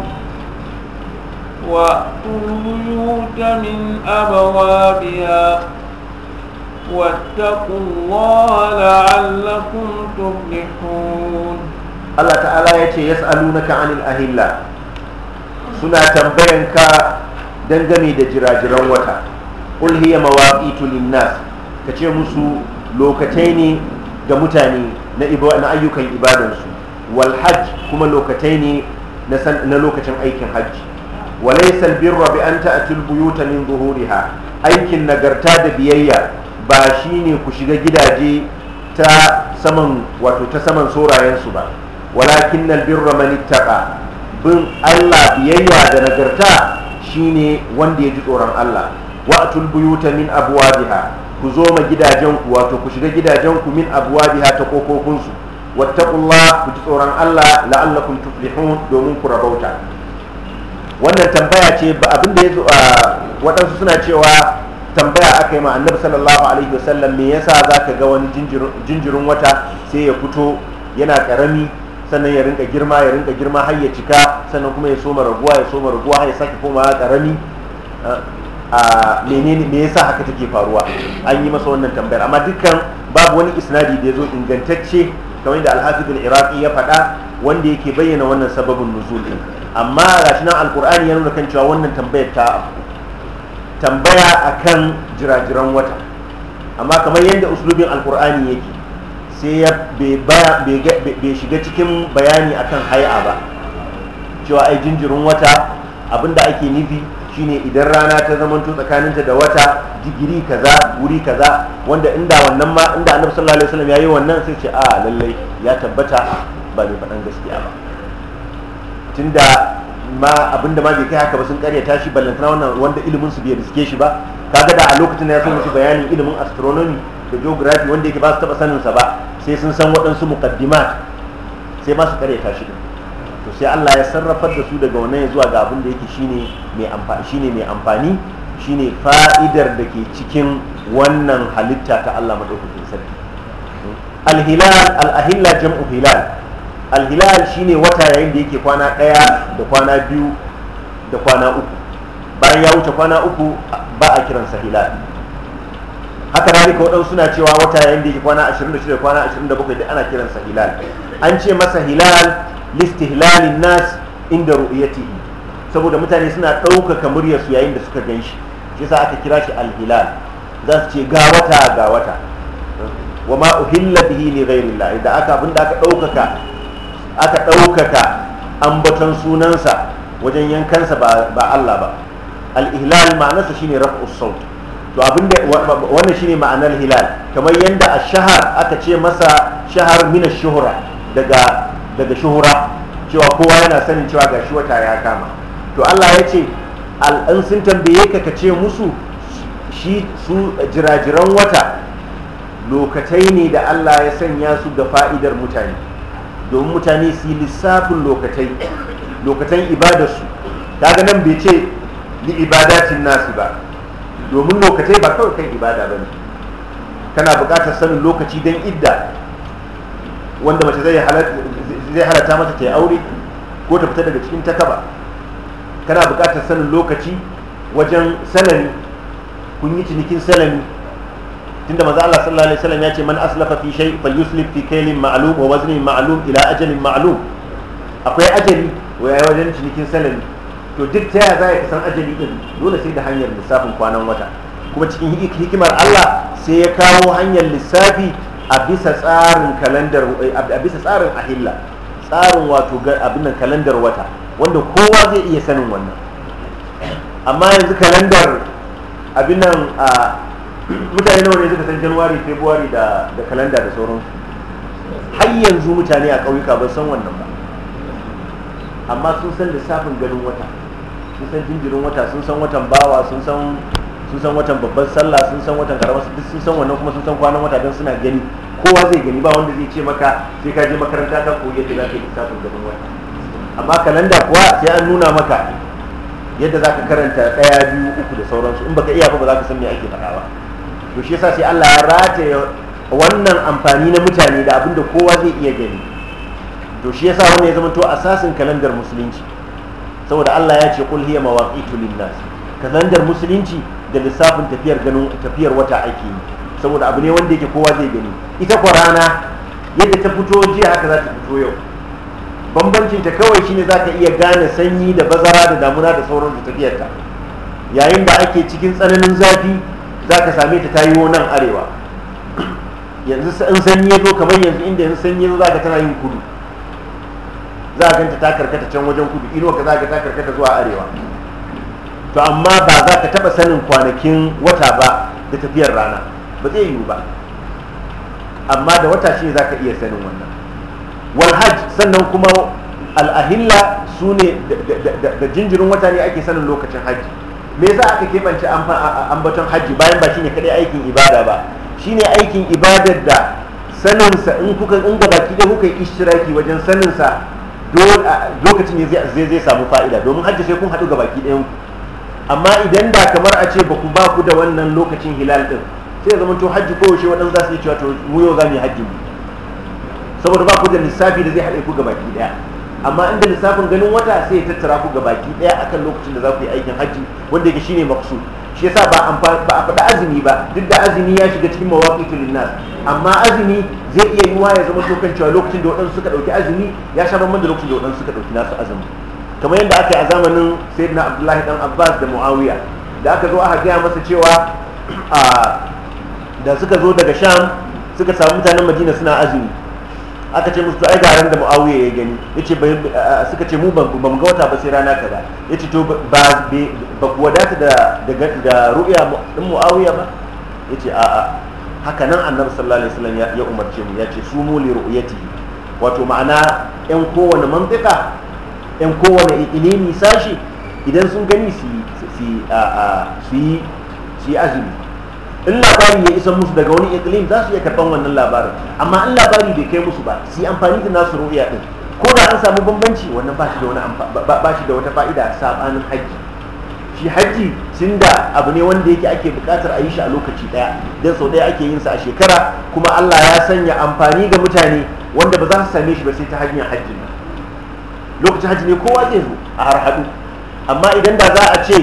وأتوا البيوت من أبوابها واتقوا الله لعلكم تفلحون الله تعالى يتي يسألونك عن الأهلة سنة تنبينك دنجمي دجرا جرا وتا قل هي مواقيت للناس كتير مسو لوكتيني ga mutane na ayyukan ibadansu wal hajj kuma lokatai ne na lokacin aikin hajji walaisal birra bi an ta'til buyuta min zuhuriha aikin nagarta da biyayya ba shine ku shiga gidaje ta saman wato ta saman sorayensu ba walakin al birra man ittaqa bin Allah biyayya da nagarta shine wanda ya ji tsoron Allah wa'tul buyuta min abwabiha ku zo ma gidajen ku wato ku shiga gidajen ku min biya ta kofofinsu wattaqullah ku ji tsoron Allah la'allakum tuflihun domin ku rabauta wannan tambaya ce ba abin da ya zo waɗansu suna cewa tambaya aka yi ma annabi sallallahu alaihi wasallam me yasa ka ga wani jinjirin wata sai ya fito yana karami sannan ya rinka girma ya rinka girma har ya cika sannan kuma ya soma raguwa ya soma raguwa har ya sake komawa karami a menene me yasa haka take faruwa an yi masa wannan tambayar amma dukkan babu wani isnadi da ya zo ingantacce kamar da al-hafiz al-iraqi ya faɗa wanda yake bayyana wannan sababin nuzul din amma gashi nan al-qur'ani ya nuna kan cewa wannan tambayar ta tambaya akan jirajiran wata amma kamar yadda uslubin al-qur'ani yake sai ya bai shiga cikin bayani akan haya ba cewa ai jinjirin wata abinda ake nufi shine idan rana ta zamanto tsakaninta da wata digiri kaza wuri kaza wanda inda wannan ma inda annabi sallallahu alaihi wasallam yayi wannan sai ce a lallai ya tabbata ba ne faɗan gaskiya ba tunda ma abinda ma bai kai haka ba sun karyata shi ballantana wannan wanda ilimin su bai riske shi ba kaga da a lokacin da ya so musu bayanin ilimin astronomy da geography wanda yake ba su taba sanin sa ba sai sun san waɗansu muqaddimat sai ma su karyata shi din sai Allah ya sarrafar da su daga wannan zuwa ga abin da yake shine mai amfani shine mai amfani shine fa'idar da ke cikin wannan halitta ta Allah madaukakin sarki al-hilal al-ahilla jam'u hilal al-hilal shine wata yayin da yake kwana daya da kwana biyu da kwana uku bayan ya wuce kwana uku ba a kiransa hilal haka ko waɗansu suna cewa wata yayin da yake kwana 26 kwana 27 da ana kiransa hilal an ce masa hilal listihlalin nas inda ru'yatihi saboda mutane suna ɗaukaka muryarsu yayin da suka ganshi, shi yasa aka kira shi alhilal za su ce ga wata ga wata wa ma uhilla bihi li ghairillah idan aka da aka ɗaukaka aka ɗaukaka ambaton sunansa wajen yankansa ba Allah ba al-ihlal ma'anarsa shine raf'us saut to abinda wannan shine ma'anar hilal kamar yanda a shahar aka ce masa shahar min ash-shuhra daga daga shuhura cewa kowa yana sanin cewa shi wata ya kama to Allah ya ce al'an sun tambaye ka ka ce musu shi su jirajiran wata lokatai ne da Allah ya sanya su ga fa'idar mutane domin mutane su yi lissafin lokatai lokatan ibadarsu kaga nan bai ce li ibadatin nasu ba domin lokatai ba kawai kan ibada ba ne kana buƙatar sanin lokaci don idda wanda mace zai halatta zai ta mata ta yi aure ko ta fita daga cikin takaba kana buƙatar sanin lokaci wajen salami kun yi cinikin salami tunda maza Allah sallallahu alaihi wasallam ya ce man aslafa fi shay yuslif fi kaylin ma'lum wa waznin ma'lum ila ajalin ma'lum akwai ajali wajen cinikin salami to duk ta yaya za ka san ajali din dole sai da hanyar lissafin kwanan wata kuma cikin hikimar Allah sai ya kawo hanyar lissafi a bisa tsarin kalandar a bisa tsarin ahilla tsarin wato abin nan kalandar wata wanda kowa zai iya sanin wannan amma yanzu kalandar abin nan a mutane nawa ne suka san januwari february da kalanda da sauransu har yanzu mutane a ƙauyuka ba san wannan ba amma sun san lissafin ganin wata sun san jinjirin wata sun san watan bawa sun san sun san watan babban sallah sun san watan karamar duk sun san wannan kuma sun san kwanan wata don suna gani kowa zai gani ba wanda zai ce maka sai ka je makaranta ka koyi yadda za ka yi lissafin gaban wata amma kalanda kuwa sai an nuna maka yadda za ka karanta ɗaya biyu uku da sauransu in baka iya ba za ka san me ake faɗa ba to shi yasa sai Allah ya rataya wannan amfani na mutane da abinda kowa zai iya gani to shi yasa wannan ya zama to asasin kalandar musulunci saboda Allah ya ce kul hiya mawaqitu lin nas kalandar musulunci da lissafin tafiyar ganin tafiyar wata ake yi saboda abu ne wanda yake kowa zai gani ita kwa rana yadda ta fito jiya haka za ta fito yau bambancin ta kawai shine za ka iya gane sanyi da bazara da damuna da sauran da tafiyarta yayin da ake cikin tsananin zafi za ka same ta tayi nan arewa yanzu in sanyi ya zo kamar yanzu inda yanzu sanyi ya zo za ka tana yin kudu za a ganta ta karkata can wajen kudu inuwa ka za ka ta karkata zuwa arewa to amma ba za ka taɓa sanin kwanakin wata ba da tafiyar rana ba zai yiwu ba amma da wata shi za ka iya sanin wannan walhaj sannan kuma al'ahilla su ne da jinjirin wata ne ake sanin lokacin hajji me za aka keɓance ambaton hajji bayan ba shine kaɗai aikin ibada ba Shi ne aikin ibadar da saninsa in kuka in ga baki ɗaya kuka yi ishtiraki wajen saninsa lokacin ne zai samu fa'ida domin hajji sai kun haɗu ga baki ɗayan amma idan da kamar a ce ba ku ba ku da wannan lokacin hilal ɗin sai ya zama to hajji ko yaushe waɗanda za su yi cewa to mu yau za mu yi hajji mu saboda ba ku da lissafi da zai haɗe ku gabaki ɗaya amma inda lissafin ganin wata sai ya tattara ku gabaki ɗaya akan lokacin da za ku yi aikin hajji wanda yake shine maksu shi yasa ba a faɗi azumi ba duk da azumi ya shiga cikin mawaqitul linnas amma azumi zai iya yiwa ya zama tokan cewa lokacin da wadanda suka ɗauki azumi ya sha bamban da lokacin da wadanda suka ɗauki nasu azumi kamar yadda aka yi a zamanin sayyidina abdullahi dan abbas da muawiya da aka zo aka gaya masa cewa a da suka zo daga sham suka samu mutanen madina suna azumi aka ce musu ai garan da muawiya ya gani yace suka ce mu ban mu ga wata ba sai rana kaza yace to ba ba ku wadata da da da ru'ya din muawiya ba yace a a haka nan annabi sallallahu alaihi wasallam ya umarce mu yace mu li ru'yati wato ma'ana ɗan kowane mantika ɗan kowane ilimi sashi idan sun gani su yi azumi in labari ya isa musu daga wani iklim za su iya karɓar wannan labarin amma in labari bai kai musu ba su yi amfani da nasu ruhiya din ko da an samu bambanci wannan ba shi da wani ba shi da wata fa'ida sabanin haji shi hajji sun da abu ne wanda yake ake buƙatar a yi shi a lokaci ɗaya don sau ɗaya ake yin sa a shekara kuma Allah ya sanya amfani ga mutane wanda ba za su same shi ba sai ta hanyar haji lokacin haji ne kowa zai zo a haɗu amma idan da za a ce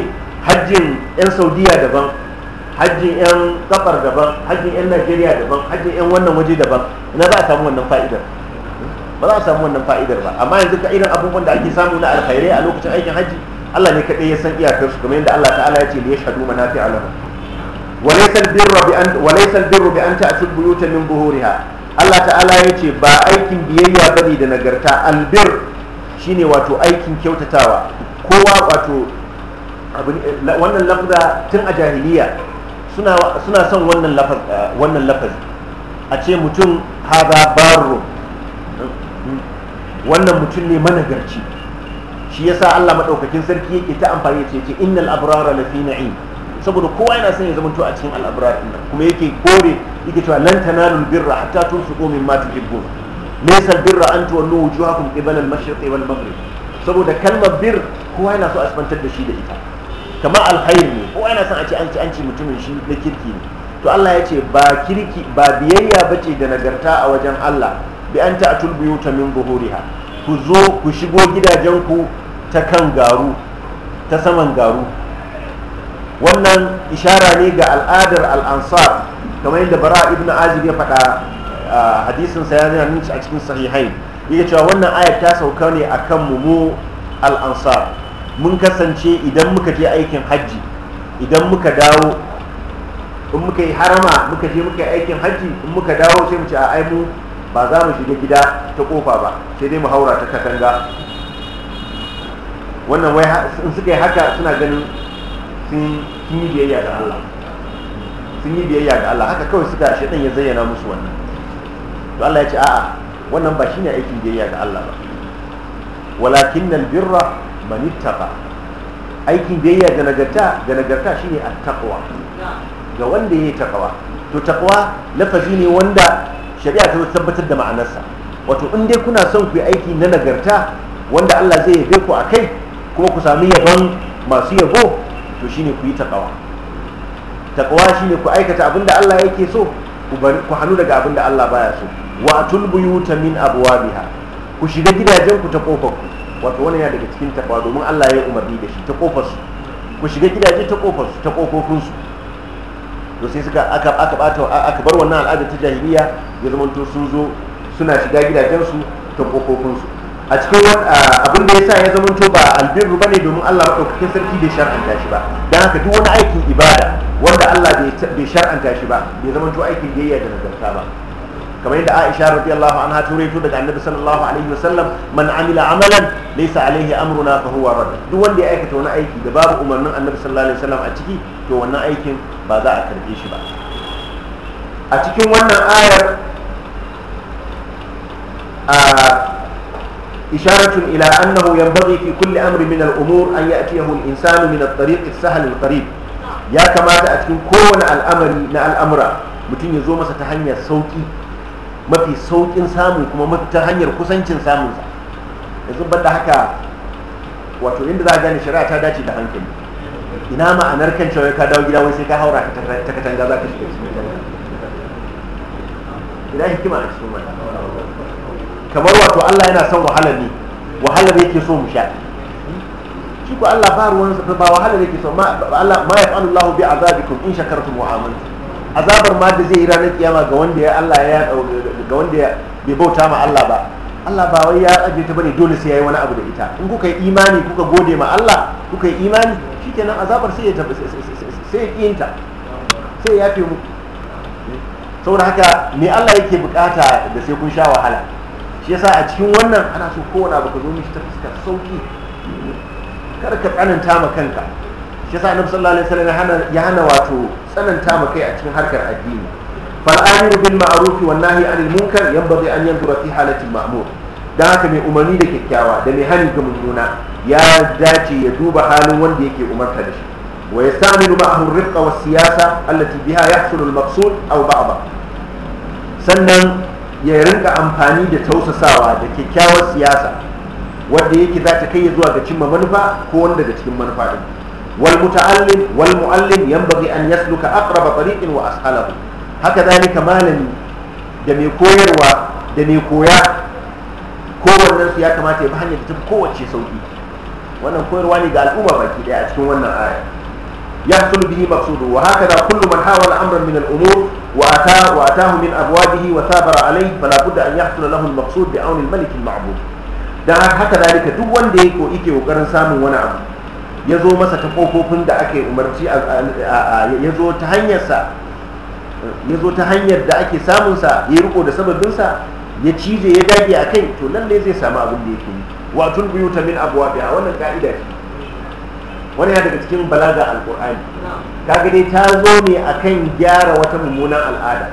hajjin 'yan saudiya daban hajjin 'yan kafar daban hajjin 'yan najeriya daban hajjin 'yan wannan waje daban ina za a samu wannan fa'idar ba za a samu wannan fa'idar ba amma yanzu ka irin abubuwan da ake samu na alkhairai a lokacin aikin hajji Allah ne kaɗai ya san iyakar su kamar yadda Allah ta'ala ya ce li yashhadu manafi'a lahum walaysa albirru bi an walaysa albirru bi an ta'tu buyutan min buhuriha Allah ta'ala ya ce ba aikin biyayya bane da nagarta albir shine wato aikin kyautatawa kowa wato wannan lafza tun a jahiliya suna son eh, wannan lafazi a ce mutum haza baro wannan mutum ne managarci shi ya sa Allah maɗaukakin sarki yake ta amfani ya ce innal abrara fi na'im saboda kowa yana son ya zamanto a cikin al'abrar kuma yake kore yake cewa lan tanalu birra hatta tun su tunfiqu mimma tuhibbun sal birra an tuwallu wujuhakum qibala al-mashriq wal maghrib saboda kalmar bir kowa yana so a da shi da ita kamar alkhairi ne ko ana son a ce an ci an ci mutumin shi na kirki ne to Allah ya ce ba kirki ba biyayya bace da nagarta a wajen Allah bi an atul buyuta min buhuriha ku zo ku shigo gidajen ku ta kan garu ta saman garu wannan ishara ne ga al'adar al'ansar kamar yadda bara ibn azib ya faɗa hadisin sa ya nuna a cikin sahihain yake cewa wannan ayat ta sauka ne akan mu mu al'ansar mun kasance idan muka je aikin hajji idan muka dawo in muka yi harama muka je muka yi aikin hajji in muka dawo sai mu ce a aimu ba za mu shiga gida ta kofa ba sai dai mu haura ta katanga wannan wai in suka yi haka suna ganin sun yi biyayya ga Allah sun yi biyayya ga Allah haka kawai suka shaidan ya zayyana musu wannan to Allah ya ce a'a wannan ba shine aikin biyayya ga Allah ba walakin birra manittaka aikin biyayya ya nagarta ga nagarta shine a taqwa ga wanda yayi taqwa to taqwa lafazi ne wanda shari'a ta tabbatar da ma'anarsa wato in dai kuna son ku yi aiki na nagarta wanda Allah zai yabe ku kai, ko ku sami yabon masu yabo to shine ku yi taqwa taqwa shine ku aikata abinda Allah yake so ku hannu daga da Allah baya so wa atul buyuta min abwabiha ku shiga gidajen ku ta kofar ku wato wani yana daga cikin tafawa domin Allah ya yi umarni da shi ta kofar su ku shiga gidaje ta kofar su ta kofofin su to sai suka aka aka bata aka bar wannan al'ada ta jahiliya ya zama to sun zo suna shiga gidajen su ta kofofin su a cikin abin da yasa ya zama to ba albirru bane domin Allah madaukakin sarki bai shar'anta shi ba dan haka duk wani aikin ibada wanda Allah bai shar'anta shi ba bai zama to aikin biyayya da nazarta ba kamar yadda Aisha radiyallahu anha ta daga Annabi sallallahu alaihi wasallam man amila amalan laysa alaihi amruna fa huwa rad duk wanda ya aikata wani aiki da babu umarnin Annabi sallallahu alaihi wasallam a ciki to wannan aikin ba za a karbe shi ba a cikin wannan ayar a إشارة إلى أنه ينبغي في كل أمر من الأمور أن يأتيه الإنسان من الطريق السهل القريب يا كما تأتي كون الأمر من الأمر متين يزوم ستهني الصوتي mafi saukin samu kuma ta hanyar kusancin samunsa yanzu da haka wato inda za a gani shari'a ta dace da hankali ina ma'anar kan cewa ka dawo gida wai sai ka haura ta katanga za ka shiga ina hikima a cikin wani kamar wato Allah yana son wahalar ne wahalar yake so mu sha shi ko Allah ba sa ba wahalar yake so ma Allah ma bi azabikum in shakartum wa amantum azabar ma da zai yi ranar kiyama ga wanda ya Allah ya ga wanda ya bai bauta ma Allah ba Allah ba wai ya aje ta bane dole sai yayi wani abu da ita in kuka yi imani kuka gode ma Allah kuka yi imani shikenan azabar sai ya tabbata sai sai kiyinta sai ya fi muku saboda haka me Allah yake bukata da sai kun sha wahala shi yasa a cikin wannan ana so kowane abu ka zo mishi ta fuskar sauki kar ka tsananta ma kanka shi yasa annabi sallallahu alaihi wasallam ya hana wato tsananta ma kai a cikin harkar addini fal amiru bil ma'ruf wan nahi anil munkar yanbaghi an yanzura fi halatil ma'mur dan haka mai umarni da kyakkyawa da mai hani ga mummuna ya dace ya duba halin wanda yake umarta da shi wa yastamilu ma'ahu rifqa was-siyasa allati biha yahsulu al-maqsud aw ba'dha sannan ya rinka amfani da tausasawa da kyakkyawar siyasa wanda yake za ta kai zuwa ga cimma manufa ko wanda daga cikin manufa din والمتعلم والمعلم ينبغي أن يسلك أقرب طريق وأسهله هكذلك مالني da mai koyarwa da mai koya kowannen su ya kamata ya bi hanyar da tafi kowace sauki wannan koyarwa ne ga al'umma baki daya a cikin wannan aya ya sulu bihi maqsudu wa hakaza kullu man hawala amran min al-umur wa abuwa wa atahu min abwabihi wa sabara alayhi fala budda an yahsula lahun al-maqsud aunin auni al-malik al-ma'bud dan haka dalika duk wanda ya yake yake kokarin samun wani abu ya zo masa ta kofofin da ake umarci ya zo ta ya zo ta hanyar da ake samunsa ya riko da sababinsa ya cije ya dage a kai to lallai zai samu abin da yake yi watun biyu ta min abuwa biya wannan ka'ida ce wani ya daga cikin balaga alkur'ani kaga dai ta zo ne akan gyara wata mummunan al'ada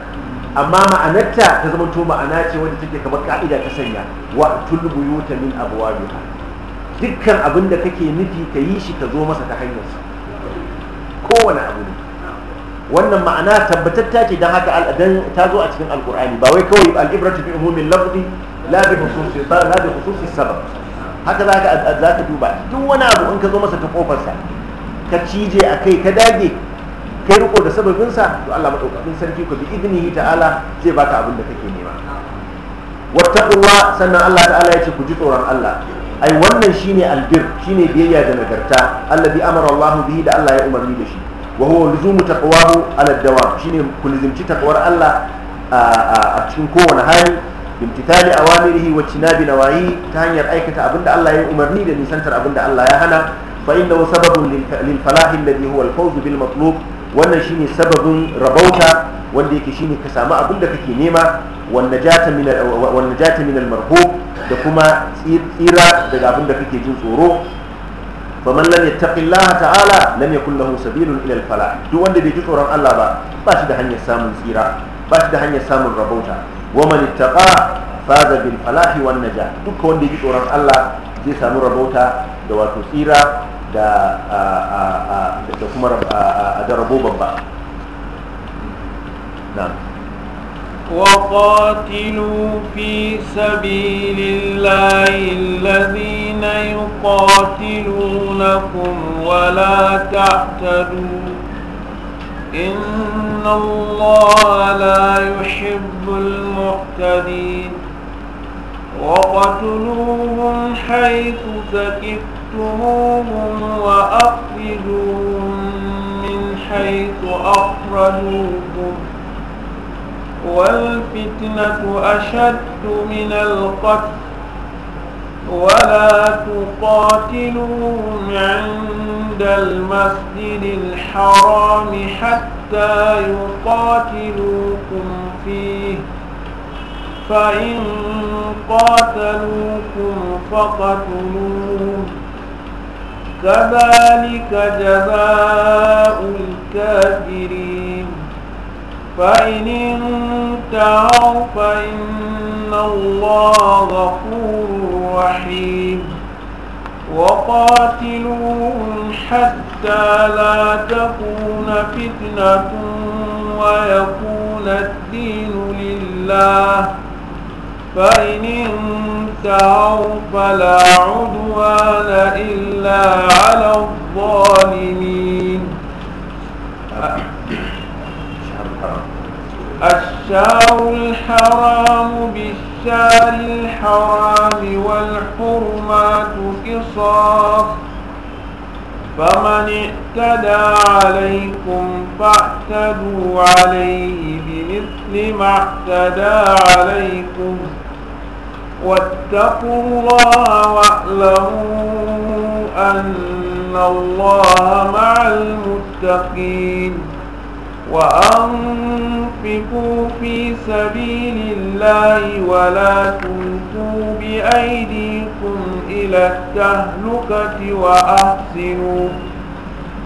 amma ma'anarta ta zama to ma'ana ce wadda take kamar ka'ida ta sanya wa tulbuyu ta min abuwa biya dukkan abin da kake nufi ka yi shi ka zo masa ta hanyarsa kowane abu ne wannan ma'ana tabbatatta ce don haka dan ta zo a cikin alkur'ani ba wai kawai al'ibratu bi umumin lafzi la bi khususi la bi khususi sabab haka za ka duba duk wani abu in ka zo masa ta kofarsa ka cije a kai ka dage kai riko da sababinsa, sa to Allah madaukakin sarki ku bi idnihi ta'ala zai baka abin da kake nema wattaqullah sannan Allah ta'ala ya ce ku ji tsoron Allah ai wannan shine albir shine biyayya da nagarta allazi amara Allah bihi da Allah ya umarni da shi wa huwa luzumu taqwahu ala dawam shine kulzimci taqwar Allah a cikin kowane hali bimtithali awamirihi wa tinabi nawahi ta hanyar aikata abinda Allah ya umarni da nisantar abinda Allah ya hana fa innahu sababun lil falahi alladhi huwa al-fawz bil matlub wannan shine sababin rabauta wanda yake shine ka samu abin da kake nema wanda jata min wanda da kuma tsira daga abin da kake jin tsoro faman lam yattaqillaha ta'ala lam yakun lahu sabilun ila al fala. duk wanda bai ji tsoron Allah ba ba shi da hanyar samun tsira ba shi da hanyar samun rabauta wa man ittaqa faza bil falahi wan najah duk wanda ya ji tsoron Allah zai samu rabauta da wato tsira da da kuma da rabo babba نعم وقاتلوا في سبيل الله الذين يقاتلونكم ولا تعتدوا إن الله لا يحب المعتدين وقتلوهم حيث ثقفتموهم وأخرجوهم من حيث أخرجوكم والفتنة أشد من القتل ولا تقاتلوهم عند المسجد الحرام حتى يقاتلوكم فيه فإن قاتلوكم فقتلوهم كذلك جزاء الكافرين فإن انتهوا فإن الله غفور رحيم وقاتلوهم حتى لا تكون فتنة ويكون الدين لله فإن انتهوا فلا عدوان إلا على الظالمين الشهر الحرام بالشهر الحرام والحرمات قصاص فمن اعتدى عليكم فاعتدوا عليه بمثل ما اعتدى عليكم واتقوا الله واعلموا أن الله مع المتقين وأنفقوا في سبيل الله ولا تلقوا بأيديكم إلى التهلكة وأحسنوا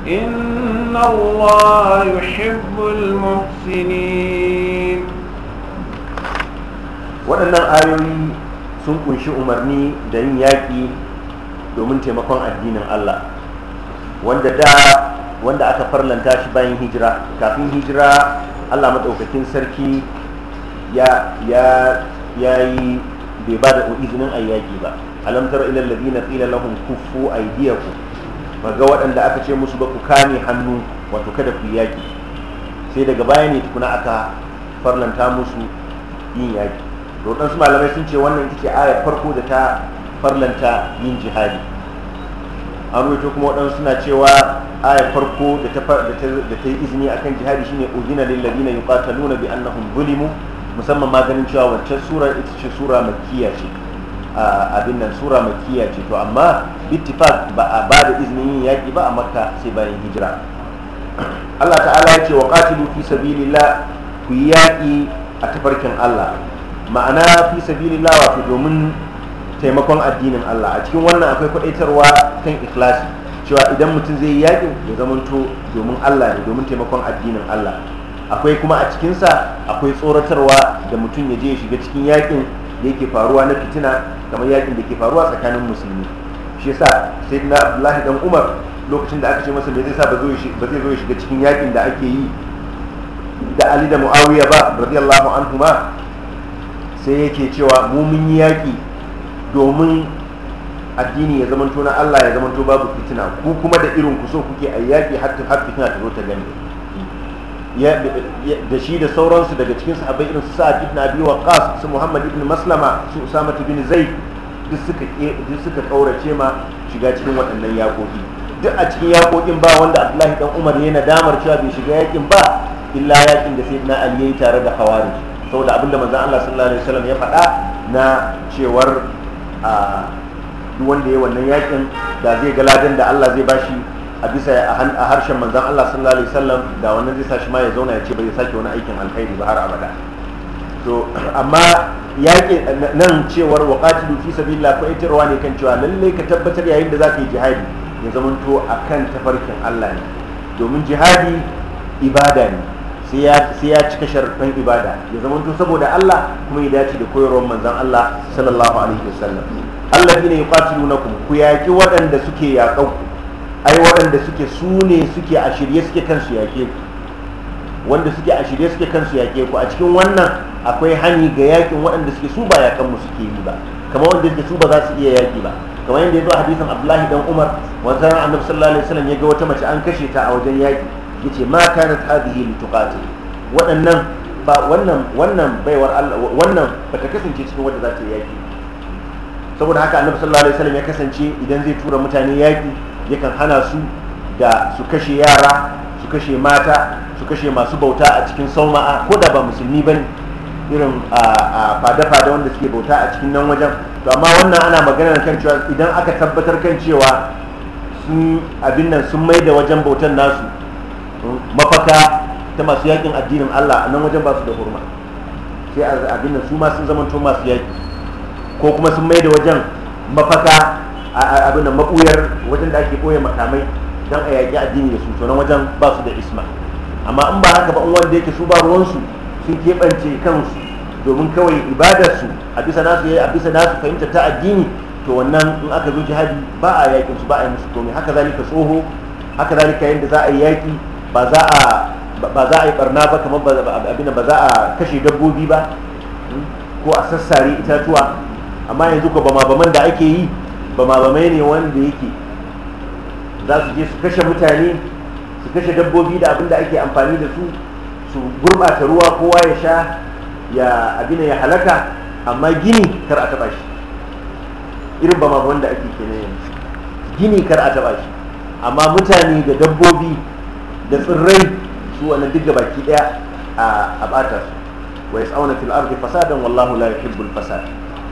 إن الله يحب المحسنين waɗannan ayoyi sun kunshi umarni da yin yaƙi domin taimakon addinin Allah wanda da wanda aka farlanta shi bayan hijira kafin hijira allah maɗaukakin sarki ya yi bai ba da izinin ayyaki ba alamtar ilal ladina qila lahum kuffu aydiyakum ba ga waɗanda aka ce musu ba ku kame hannu wato kada ku yaki sai daga baya ne tukuna aka farlanta musu yin yaki to dan su malamai sun ce wannan ita ce ayar farko da ta farlanta yin jihadi an rubuto kuma waɗansu suna cewa ayar farko da ta yi izini akan jihadi shine ujina lil ladina yuqataluna bi annahum zulimu musamman maganin cewa wancan sura ita ce sura makkiya ce abin nan sura makkiya ce to amma ittifaq ba a ba da izinin yin yaki ba a makka sai bayan hijira Allah ta'ala ya ce wa qatilu fi sabilillah ku yi yaki a tafarkin Allah ma'ana fi sabilillah wato domin taimakon addinin Allah a cikin wannan akwai kwadaitarwa kan ikhlasi cewa idan mutum zai yi yaƙin ya zamanto domin Allah ne domin taimakon addinin Allah akwai kuma a cikinsa akwai tsoratarwa da mutum ya je ya shiga cikin yaƙin da yake faruwa na fitina kamar yaƙin da ke faruwa tsakanin musulmi shi yasa na Abdullahi dan Umar lokacin da aka ce masa me zai sa ba zai zo ya shiga cikin yaƙin da ake yi da ali da mu'awiya ba radiyallahu anhu ma sai yake cewa mu mun yi yaƙi domin addini ya zamanto na Allah ya zamanto babu fitina ku kuma da irin ku so kuke a yaƙi hatta har fitina ta zo ta da shi da sauransu daga cikin sahabbai irin su Sa'ad ibn Abi waqas su Muhammad ibn Maslama su Usama ibn Zaid duk suka duk suka kaurace ma shiga cikin waɗannan yaƙoƙi duk a cikin yaƙoƙin ba wanda Abdullahi dan Umar yana nadamar cewa bai shiga yaƙin ba illa yaƙin da Sayyidina Ali yayi tare da hawari saboda abinda manzon Allah sallallahu alaihi wasallam ya faɗa na cewar a duk wanda ya wannan yakin da zai ga ladan da Allah zai bashi a bisa a harshen manzon Allah sallallahu alaihi wasallam da wannan zai sashi ma ya zauna ya ce bai sake wani aikin alkhairi ba har abada to amma yake nan cewar wa qatilu fi sabilillah ko itirwa ne kan cewa lalle ka tabbatar yayin da zaka yi jihadi ya zamanto akan tafarkin Allah ne domin jihadi ibada ne sai ya cika sharfan ibada ya zama to saboda Allah kuma ya dace da koyarwar manzon Allah sallallahu alaihi wasallam Allah ne ya qatilunakum ku yaki waɗanda suke yaƙau ai waɗanda suke su ne suke a shirye suke kansu yaƙe ku wanda suke a shirye suke kansu yaƙe ku a cikin wannan akwai hani ga yaƙin waɗanda suke su ba yaƙan mu suke yi ba kamar wanda suke su ba za su iya yaƙi ba kamar yadda ya zo hadisin Abdullahi dan Umar wanzan Annabi sallallahu alaihi wasallam ya ga wata mace an kashe ta a wajen yaƙi yace ma kanat tsadihi lituqatil waɗannan ba wannan wannan baiwar Allah wannan ba ta kasance cikin wanda za ta yaki saboda haka annabi sallallahu alaihi wasallam ya kasance idan zai tura mutane yaki yakan hana su da su kashe yara su kashe mata su kashe masu bauta a cikin sauma'a ko da ba musulmi bane irin a fada-fada wanda suke bauta a cikin nan wajen to amma wannan ana maganar kan cewa idan aka tabbatar kan cewa sun abin nan sun mai da wajen bautan nasu mafaka ta masu yakin addinin Allah a nan wajen ba su da hurma sai a addinin su ma sun zamanto masu yaki ko kuma sun mai da wajen mafaka abin da mabuyar wajen da ake koya makamai don a yaƙi addini da su to nan wajen ba su da isma amma in ba haka ba in wanda yake su ba ruwansu sun keɓance kansu domin kawai ibadarsu a bisa nasu yayi a bisa nasu fahimta ta addini to wannan in aka zo jihadi ba a yakin su ba a yi musu komai haka zalika tsoho haka zalika yadda za a yi yaƙi ba za a yi barna ba kamar abin ba za a kashe dabbobi ba hmm, ko a sassare itatuwa amma yanzu ko bama baman da ake yi bama bamai ne wanda yake za su je su kashe mutane su kashe dabbobi da abin da ake amfani da su su gurɓata ruwa kowa ya sha ya abin ya halaka amma gini kar a taɓa shi irin bama baman da ake kenan yanzu gini kar a taɓa shi amma mutane da dabbobi da tsirrai su wani duk baki daya a bata su wa yas'auna fil ardi fasadan wallahu la yuhibbul fasad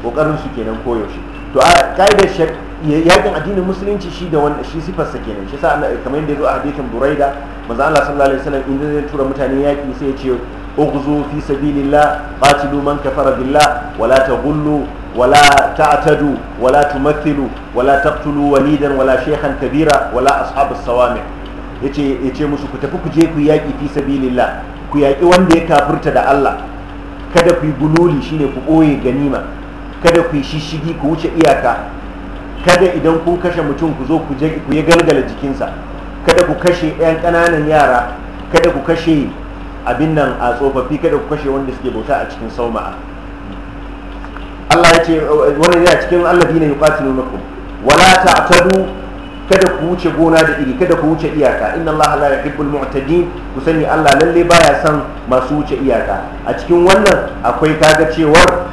kokarin su kenan koyaushe to a kaidar shek yakin addinin musulunci shi da wannan shi sifar sa kenan shi sa kamar yadda zo a hadisin buraida manzo Allah sallallahu alaihi wasallam inda zai tura mutane yaki sai ya ce اغزوا في سبيل الله قاتلوا من كفر wala ولا wala ولا تعتدوا ولا تمثلوا ولا تقتلوا وليدا ولا شيخا كبيرا ولا أصحاب الصوامع ya ce musu ku tafi ku je ku yaƙi fi sabilillah ku yaƙi wanda ya kafurta da Allah kada ku yi bululi shine ku ɓoye ganima kada ku yi shishigi ku wuce iyaka kada idan kun kashe mutum ku zo ku yi galgala jikinsa kada ku kashe ɗayan ƙananan yara kada ku kashe abin nan a tsofaffi kada ku kashe wanda suke bauta a cikin sauma'a Allah ya ce wannan a cikin allah alladina yuqatilunakum wala ta'tadu kada ku wuce gona da iri kada ku wuce iyaka inna allaha la yuhibbul mu'tadin ku sani allah lalle baya san masu wuce iyaka a cikin wannan akwai kaga cewar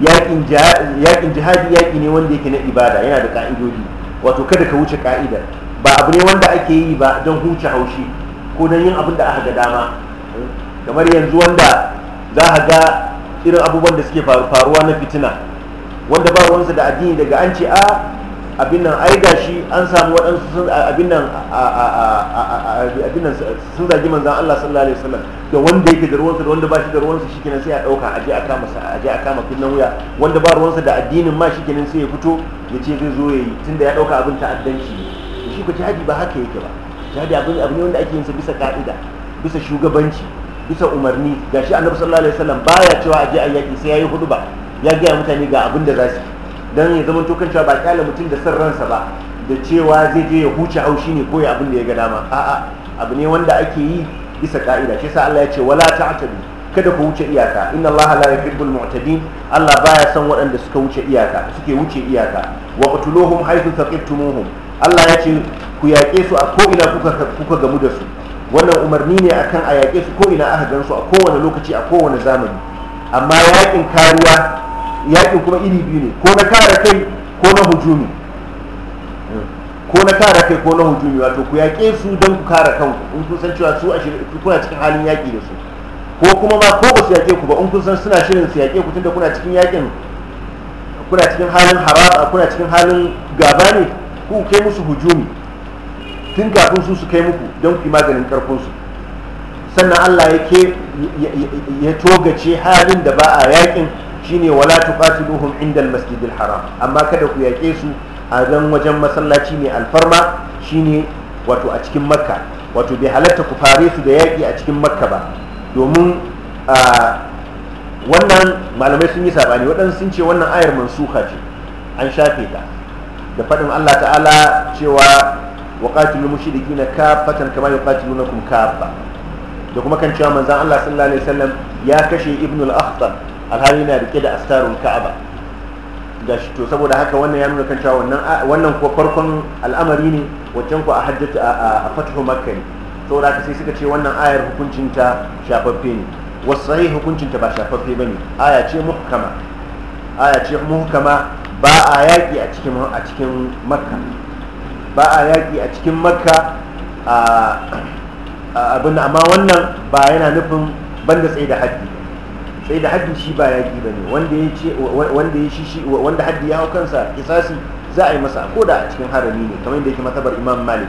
yakin jihadi yaki ne wanda yake na ibada yana da ka'idodi wato kada ka wuce ka'ida ba abu ne wanda ake yi ba don huce haushi ko don yin abin da aka ga dama kamar yanzu wanda za a ga irin abubuwan da suke faruwa na fitina wanda ba wansa da addini daga an ce a ah, abin nan ai gashi an samu waɗansu sun abin nan abin nan sun zagi manzan Allah sallallahu alaihi wasallam da wanda yake da ruwansa da wanda ba shi da ruwansa shikenan sai a ɗauka a je a kama a je a kama kunnan wuya wanda ba ruwansa da addinin ma shikenan sai ya fito ya ce zai zo yayi tunda ya ɗauka abin ta'addanci ne shi ko jihadi ba haka yake ba jihadi abin abin wanda ake yin sa bisa ka'ida bisa shugabanci bisa umarni gashi annabi sallallahu alaihi wasallam baya cewa a je a yaki sai yayi hudu ba ya ga mutane ga abin da za su yi don ya zama tokan cewa ba kyala mutum da san ransa ba da cewa zai je ya huce haushi ne ko ya abin da ya ga dama a'a abu ne wanda ake yi bisa ka'ida shi yasa Allah ya ce wala ta'tadu kada ku wuce iyaka inna Allah la yuhibbul mu'tadin Allah baya son waɗanda suka wuce iyaka suke wuce iyaka wa qatuluhum haythu Allah ya ce ku yaƙe su a ko ina kuka kuka gamu da su wannan umarni ne akan a yaƙe su ko ina aka gan su a kowane lokaci a kowane zamani amma yaƙin kariya yakin kuma iri biyu ne ko na kare kai ko na hujumi ko na kare kai ko na hujumi wato ku yaƙe su don ku kare kanku in kun san cewa su a kuna cikin halin yaƙi da su ko kuma ma ko ba su yaƙe ku ba in kun san suna shirin su yaƙe ku tunda kuna cikin yaƙin kuna cikin halin haraba kuna cikin halin gaba ne ku kai musu hujumi tun kafin su su kai muku don ku yi maganin karfinsu sannan allah ya togace halin da ba a yaƙin shine wala tuqatiluhum inda almasjidil haram amma kada ku yaƙe su a zan wajen masallaci mai alfarma shine wato a cikin makka wato bai halatta ku fare su da yaƙi a cikin makka ba domin wannan malamai sun yi saɓani waɗansu sun ce wannan ayar mansuka ce an shafe ta da faɗin allah ta'ala cewa na ka fatan kama yuqatilunakum ba da kuma kan cewa manzon allah sallallahu alaihi wasallam ya kashe ibnul akhtar alhali na rike da astarun ka'aba shi to saboda haka wannan ya nuna kan cewa wannan wannan ko farkon al'amari ne wancan ku a hajjatu a fatihu makka ne saboda haka sai suka ce wannan ayar hukuncinta shafaffe ne wasu sahih hukuncinta ba shafaffe bane aya ce muhkama aya ce muhkama ba a yaki a cikin a cikin makka ba a yaki a cikin makka a abin amma wannan ba yana nufin banda tsaye da haƙƙi sai da haddi shi ba yaƙi ba ne wanda ya wanda ya shi wanda haddi ya hau kansa kisasi za a yi masa ko da a cikin harami ne kamar yadda yake matabar imam malik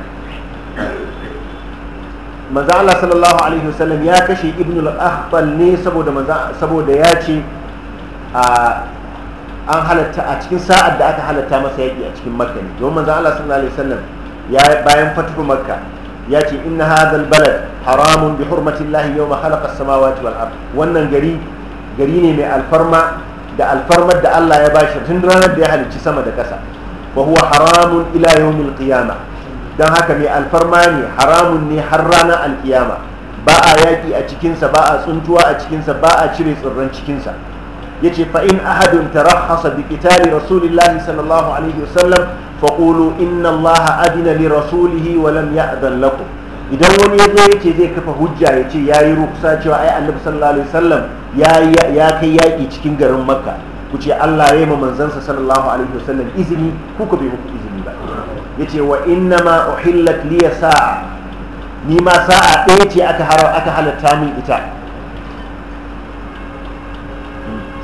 manzan Allah sallallahu alaihi wasallam ya kashe ibn al-ahbal ne saboda ya ce an halatta a cikin sa'ad da aka halatta masa yaƙi a cikin makka ne domin manzo Allah sallallahu alaihi wasallam ya bayan fatuhu makka ya ce inna hadha al-balad haramun bi hurmati Allah yawma khalaqa as-samawati wal ard wannan gari gari ne mai alfarma da alfarmar da Allah ya bashi tun ranar da ya halicci sama da ƙasa wa huwa haramun ila yawmil qiyama dan haka mai alfarma ne haramun ne har ranar alkiyama ba a yaƙi a cikinsa ba a tsuntuwa a cikinsa ba a cire tsirran cikinsa yace fa in ahadun tarahhasa bi qitali rasulillahi sallallahu alaihi wasallam faqulu inna allaha adina li rasulihi wa lam ya'dhan lakum idan wani ya zo yake zai kafa hujja ya ce ya yi rukusa cewa ai annabi sallallahu alaihi wasallam ya kai yaƙi cikin garin makka ku ce allah ya yi ma manzansa sallallahu alaihi wasallam izini ku ka bai muku izini ba ya ce wa inna ma uhillat liya sa'a ni ma sa'a ɗaya ce aka aka halatta min ita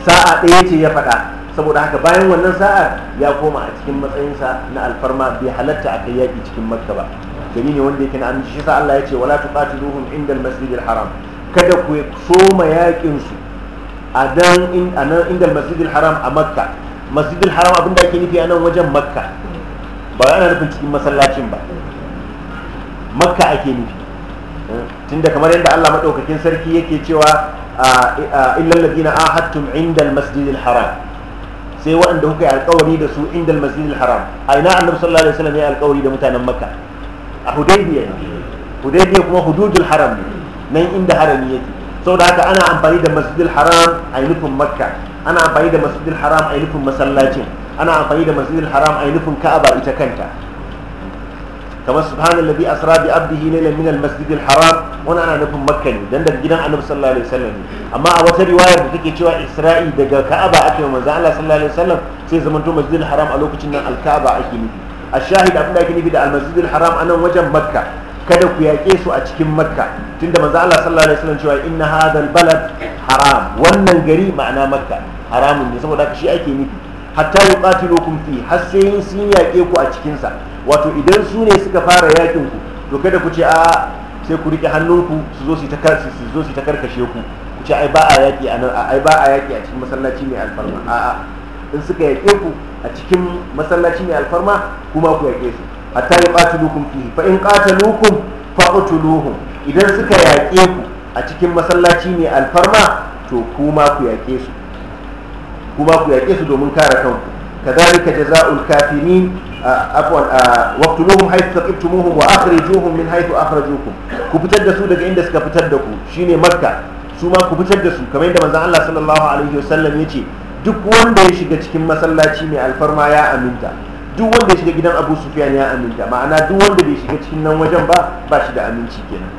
sa'a ɗaya ce ya faɗa saboda haka bayan wannan sa'a ya koma a cikin matsayinsa na alfarma bai halatta a kai yaƙi cikin makka ba gani ne wanda yake na amince shi sa Allah ya ce wala tuqatiluhum inda al-masjidil haram kada ku soma yaƙin su a dan inda al-masjidil haram a makka masjidil haram abin da ake nufi a nan wajen makka ba ana nufin cikin masallacin ba makka ake nufi tunda kamar yadda Allah madaukakin sarki yake cewa illal ladina ahadtum inda al-masjidil haram sai waɗanda kuka yi alkawari da su inda masjidil haram a ina annabi sallallahu alaihi wasallam ya alkawari da mutanen makka a hudaybiya hudaybiya kuma hududul haram ne nan inda harami yake saboda haka ana amfani da masjidil haram a nufin makka ana amfani da masjidil haram a nufin masallacin ana amfani da masjidil haram a nufin ka'aba ita kanta kamar subhanallazi asra bi abdihi laylan min almasjidil haram wani ana nufin makka ne dan daga gidan annabi sallallahu alaihi wasallam amma a wata riwaya da take cewa isra'i daga ka'aba ake yi manzo Allah sallallahu alaihi wasallam sai zaman to masjidil haram a lokacin nan al-ka'aba ake nufi a shahid abin da ake nufi da al-masjidil haram a nan wajen makka kada ku yaƙe su a cikin makka tunda manzo Allah sallallahu alaihi wasallam cewa inna hadal balad haram wannan gari ma'ana makka haramun ne saboda shi ake nufi hatta yuqatilukum fi har sai sun yaƙe ku a cikin sa wato idan su ne suka fara yakin ku to kada ku ce a sai ku riƙe hannunku su zo su yi ta karkashe ku ku ce ai ba a yaƙi a nan ai ba a yaƙi a cikin masallaci mai alfarma a'a in suka yaƙe ku a cikin masallaci mai alfarma kuma ku yaƙe su hatta ya lukun fihi fa in fa qataluukum lukun idan suka yaƙe ku a cikin masallaci mai alfarma to kuma ku yaƙe su kuma ku yaƙe su domin kare kanku كذلك جزاء الكافرين عفوا واقتلوهم حيث ثقفتموهم واخرجوهم من حيث اخرجوكم كفتر دسو دغ inda سكا فتر دكو ku مكه سوما كفتر دسو كما fitar من الله صلى الله عليه وسلم يجي alaihi wasallam yace duk wanda ya shiga cikin masallaci mai alfarma ya aminta duk wanda ya shiga gidan Abu Sufyan ya aminta ma'ana duk wanda bai shiga cikin nan wajen ba ba shi da aminci kenan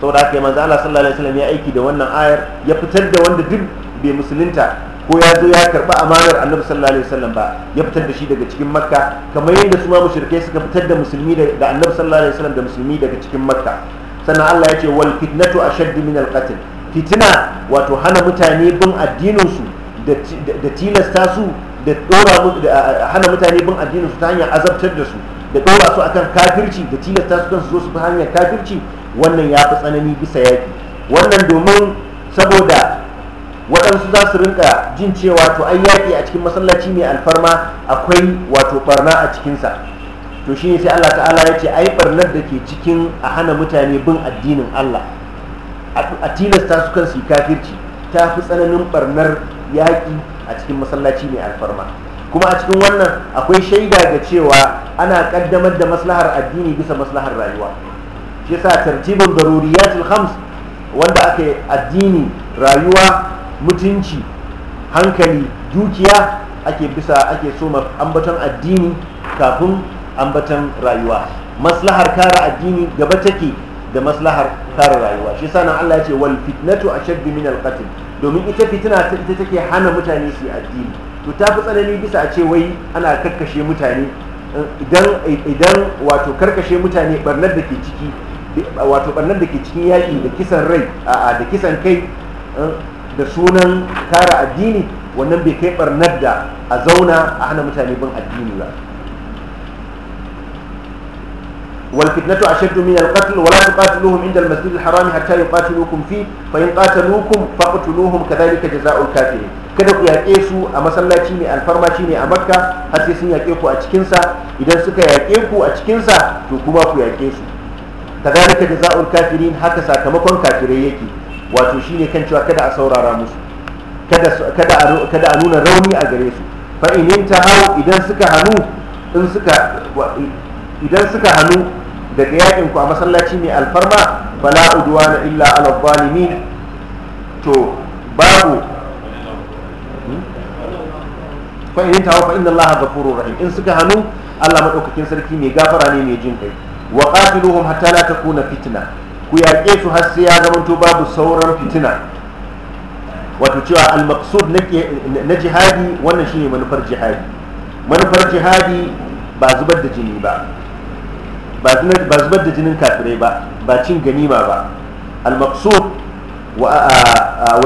saboda haka manzon Allah sallallahu alaihi wasallam ya aiki da wannan ayar ya fitar da wanda duk bai musulunta ko ya zo ya karɓi amanar annabi sallallahu alaihi wasallam ba ya fitar da shi daga cikin makka kamar yadda su ma mushrikai suka fitar da musulmi da annabi sallallahu alaihi wasallam da musulmi daga cikin makka sannan Allah ya ce wal fitnatu ashaddu min al qatl fitina wato hana mutane bin addinin su da tilasta su da dora hana mutane bin addinin su ta hanyar azabtar da su da dora su akan kafirci da tilasta su kan su zo su bi hanyar kafirci wannan ya fi tsanani bisa yaki wannan domin saboda waɗansu za su rinka jin cewa to an yaƙi a cikin masallaci mai alfarma akwai wato barna a cikinsa to shi ne sai Allah ta'ala ya ce ai barnar da ke cikin a hana mutane bin addinin Allah a tilasta su kan su kafirci ta fi tsananin barnar yaƙi a cikin masallaci mai alfarma kuma a cikin wannan akwai shaida ga cewa ana ƙaddamar da maslahar addini bisa maslahar rayuwa shi yasa tartibin daruriyatul khams wanda aka addini rayuwa mutunci hankali dukiya ake bisa ake so ambaton addini kafin ambaton rayuwa maslahar kare addini gaba take da maslahar kare rayuwa shi sana Allah ya ce wal fitnatu ashaddu min al qatl domin ita fitina ita take hana mutane su addini to ta fi tsanani bisa a ce wai ana karkashe mutane idan idan wato karkashe mutane barnar da ke ciki wato barnar da ke cikin yaƙi da kisan rai da kisan kai da sunan kara addini wannan bai kai barnar da a zauna a hana mutane bin addini ba wal a ashaddu min al qatl wa la tuqatiluhum inda al masjid al haram hatta yuqatilukum fi fa in qataluukum faqtuluhum kadhalika jazaa'ul kada ku yaƙe su a masallaci ne alfarmaci ne a makka har sai sun yaƙe ku a cikinsa idan suka yaƙe ku a cikinsa to kuma ku yaƙe su kadhalika jazaa'ul kafirin haka sakamakon kafirai yake wato shine kan cewa kada a saurara musu kada a nuna rauni a gare su fa in hau idan suka hannu daga yakin ku a masallaci mai alfarma fala na illa ala zalimin to babu hmm? fa in hau fa inna allaha ghafurur rahim in suka hannu Allah madaukakin sarki mai gafara ne mai jin kai wa qatiluhum hatta na ta takuna fitna ku yaƙe su har sai ya to babu sauran fitina wato cewa al-maqsud na jihadi wannan shine manufar jihadi manufar jihadi ba zubar da jini ba ba zubar da jinin kafirai ba ba cin ganima ba al-maqsud wa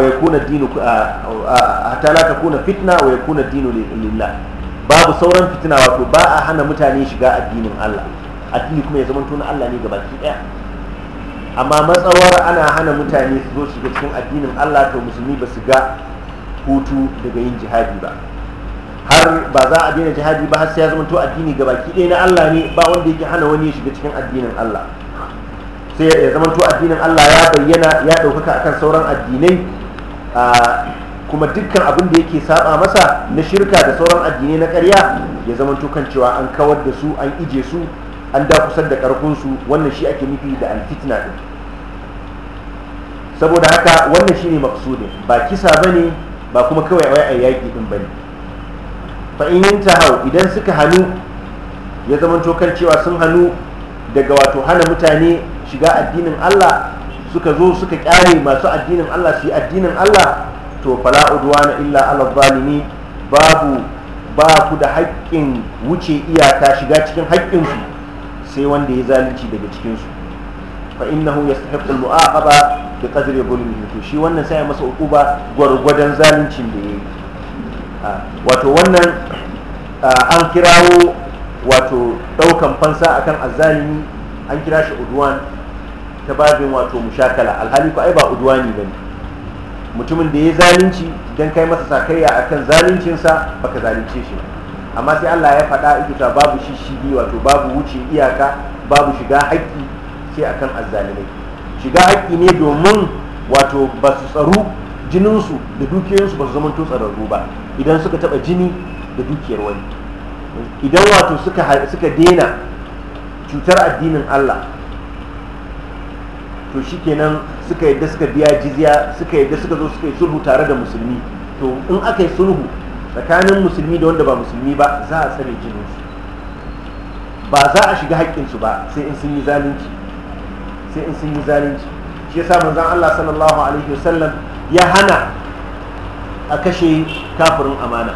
yakuna dinu hatta la takuna fitna wa yakuna dinu lillah babu sauran fitina wato ba a hana mutane shiga addinin Allah addini kuma ya zama tuna Allah ne gabaki daya amma matsawar ana hana mutane su zo shiga cikin addinin Allah to musulmi ba su ga hutu daga yin jihadi ba har ba za a daina jihadi ba har sai ya zama addini ga baki ɗaya na Allah ne ba wanda yake hana wani ya shiga cikin addinin Allah sai ya zama addinin Allah ya bayyana ya ɗaukaka akan sauran addinai kuma dukkan abin da yake saba masa na shirka da sauran addinai na ƙarya ya zama kan cewa an kawar da su an ije su an da kusan da karfinsu wannan shi ake nufi da alfitna din saboda haka wannan shi ne maksudin ba kisa ba ne ba kuma kawai wai a yaƙi din ba ne fa'in yinta hau idan suka hannu ya zama tokar cewa sun hannu daga wato hana mutane shiga addinin allah suka zo suka kyare masu addinin allah su yi addinin allah to fala udwana illa ala zalimi babu ba ku da haƙƙin wuce iyaka shiga cikin haƙƙinsu sai wanda ya zalunci daga cikin su fa innahu yastahiqqu al-mu'aqaba bi qadri dhulmihi to shi wannan sai masa hukuba gwargwadon zaluncin da yayi wato wannan an kirawo wato daukan fansa akan azzalimi an kira shi udwan ta babin wato mushakala alhali ko ai ba udwani bane mutumin da ya zalunci dan kai masa sakayya akan zaluncinsa baka zalunce shi ba amma sai Allah ya faɗa ita babu shishigi wato babu wuce iyaka babu shiga haƙƙi sai akan azzalimai shiga haƙƙi ne domin wato ba su tsaro jininsu da dukiyarsu ba su zama tsararru ba idan suka taɓa jini da dukiyar wani idan wato suka dena cutar addinin Allah to shikenan suka yadda suka biya jizya suka yadda suka zo suka yi sulhu tare da musulmi to in aka yi sulhu tsakanin musulmi da wanda ba musulmi ba za a tsare jininsu ba za a shiga haƙƙinsu ba sai in sun yi zalunci sai in sun yi zalunci shi yasa manzon Allah sallallahu alaihi wasallam ya hana a kashe kafirin amana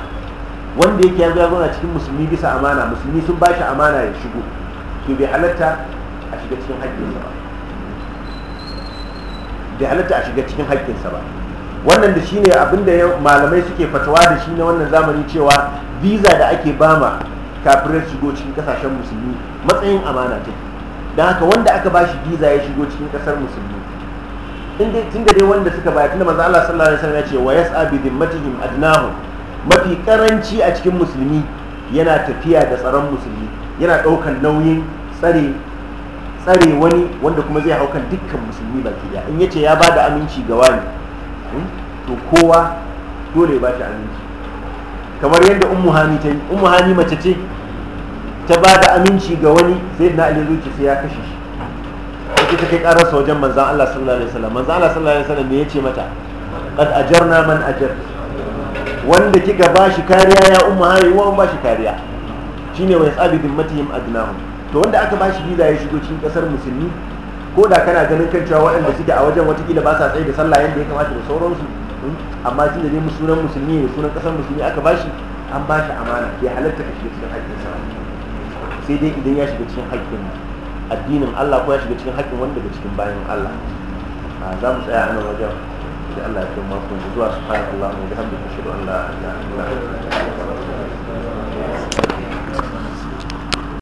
wanda yake ya a cikin musulmi bisa amana musulmi sun ba shi amana ya shigo to bai halatta a shiga cikin haƙƙinsa ba bai halatta a shiga cikin haƙƙinsa ba wannan da shine abin da malamai suke fatawa da shi na wannan zamani cewa visa da ake bama kafirar shigo cikin kasashen musulmi matsayin amana ce don haka wanda aka ba shi visa ya shigo cikin kasar musulmi tun da dai wanda suka bayar tunda maza Allah sallallahu alaihi wasallam ya ce wa yas'a bi adnahu mafi karanci a cikin musulmi yana tafiya da tsaron musulmi yana daukan nauyin tsare tsare wani wanda kuma zai haukan dukkan musulmi baki daya in yace ya bada aminci ga wani Hmm? to kowa dole ba shi aminci kamar yadda ummu hani ta yi ummu hani mace ce ta ba da aminci ga wani sai na ilin zuci sai ya kashe shi sai ta kai karar wajen manzan Allah sallallahu alaihi wasallam manzan Allah sallallahu alaihi wasallam me yace mata qad ajarna man ajar wanda kika ba shi kariya ya ummu hani wa ba shi kariya shine wa yasabi bimmatihim adnahum to wanda aka ba shi visa ya shigo cikin kasar musulmi ko da kana ganin kan cewa waɗanda suke a wajen watakila ba sa tsaye da sallah yadda ya kamata da sauransu hmm? amma tun da dai sunan musulmi sunan ƙasar musulmi aka bashi an ba shi amana ya halatta ka shiga cikin haƙƙin sa sai dai idan ya shiga cikin haƙƙin addinin Allah ko ya shiga cikin haƙƙin wanda daga cikin bayan Allah za mu tsaya a nan wajen da Allah ya kai mako zuwa subhanallahi wa bihamdihi ashhadu an la ilaha illa anta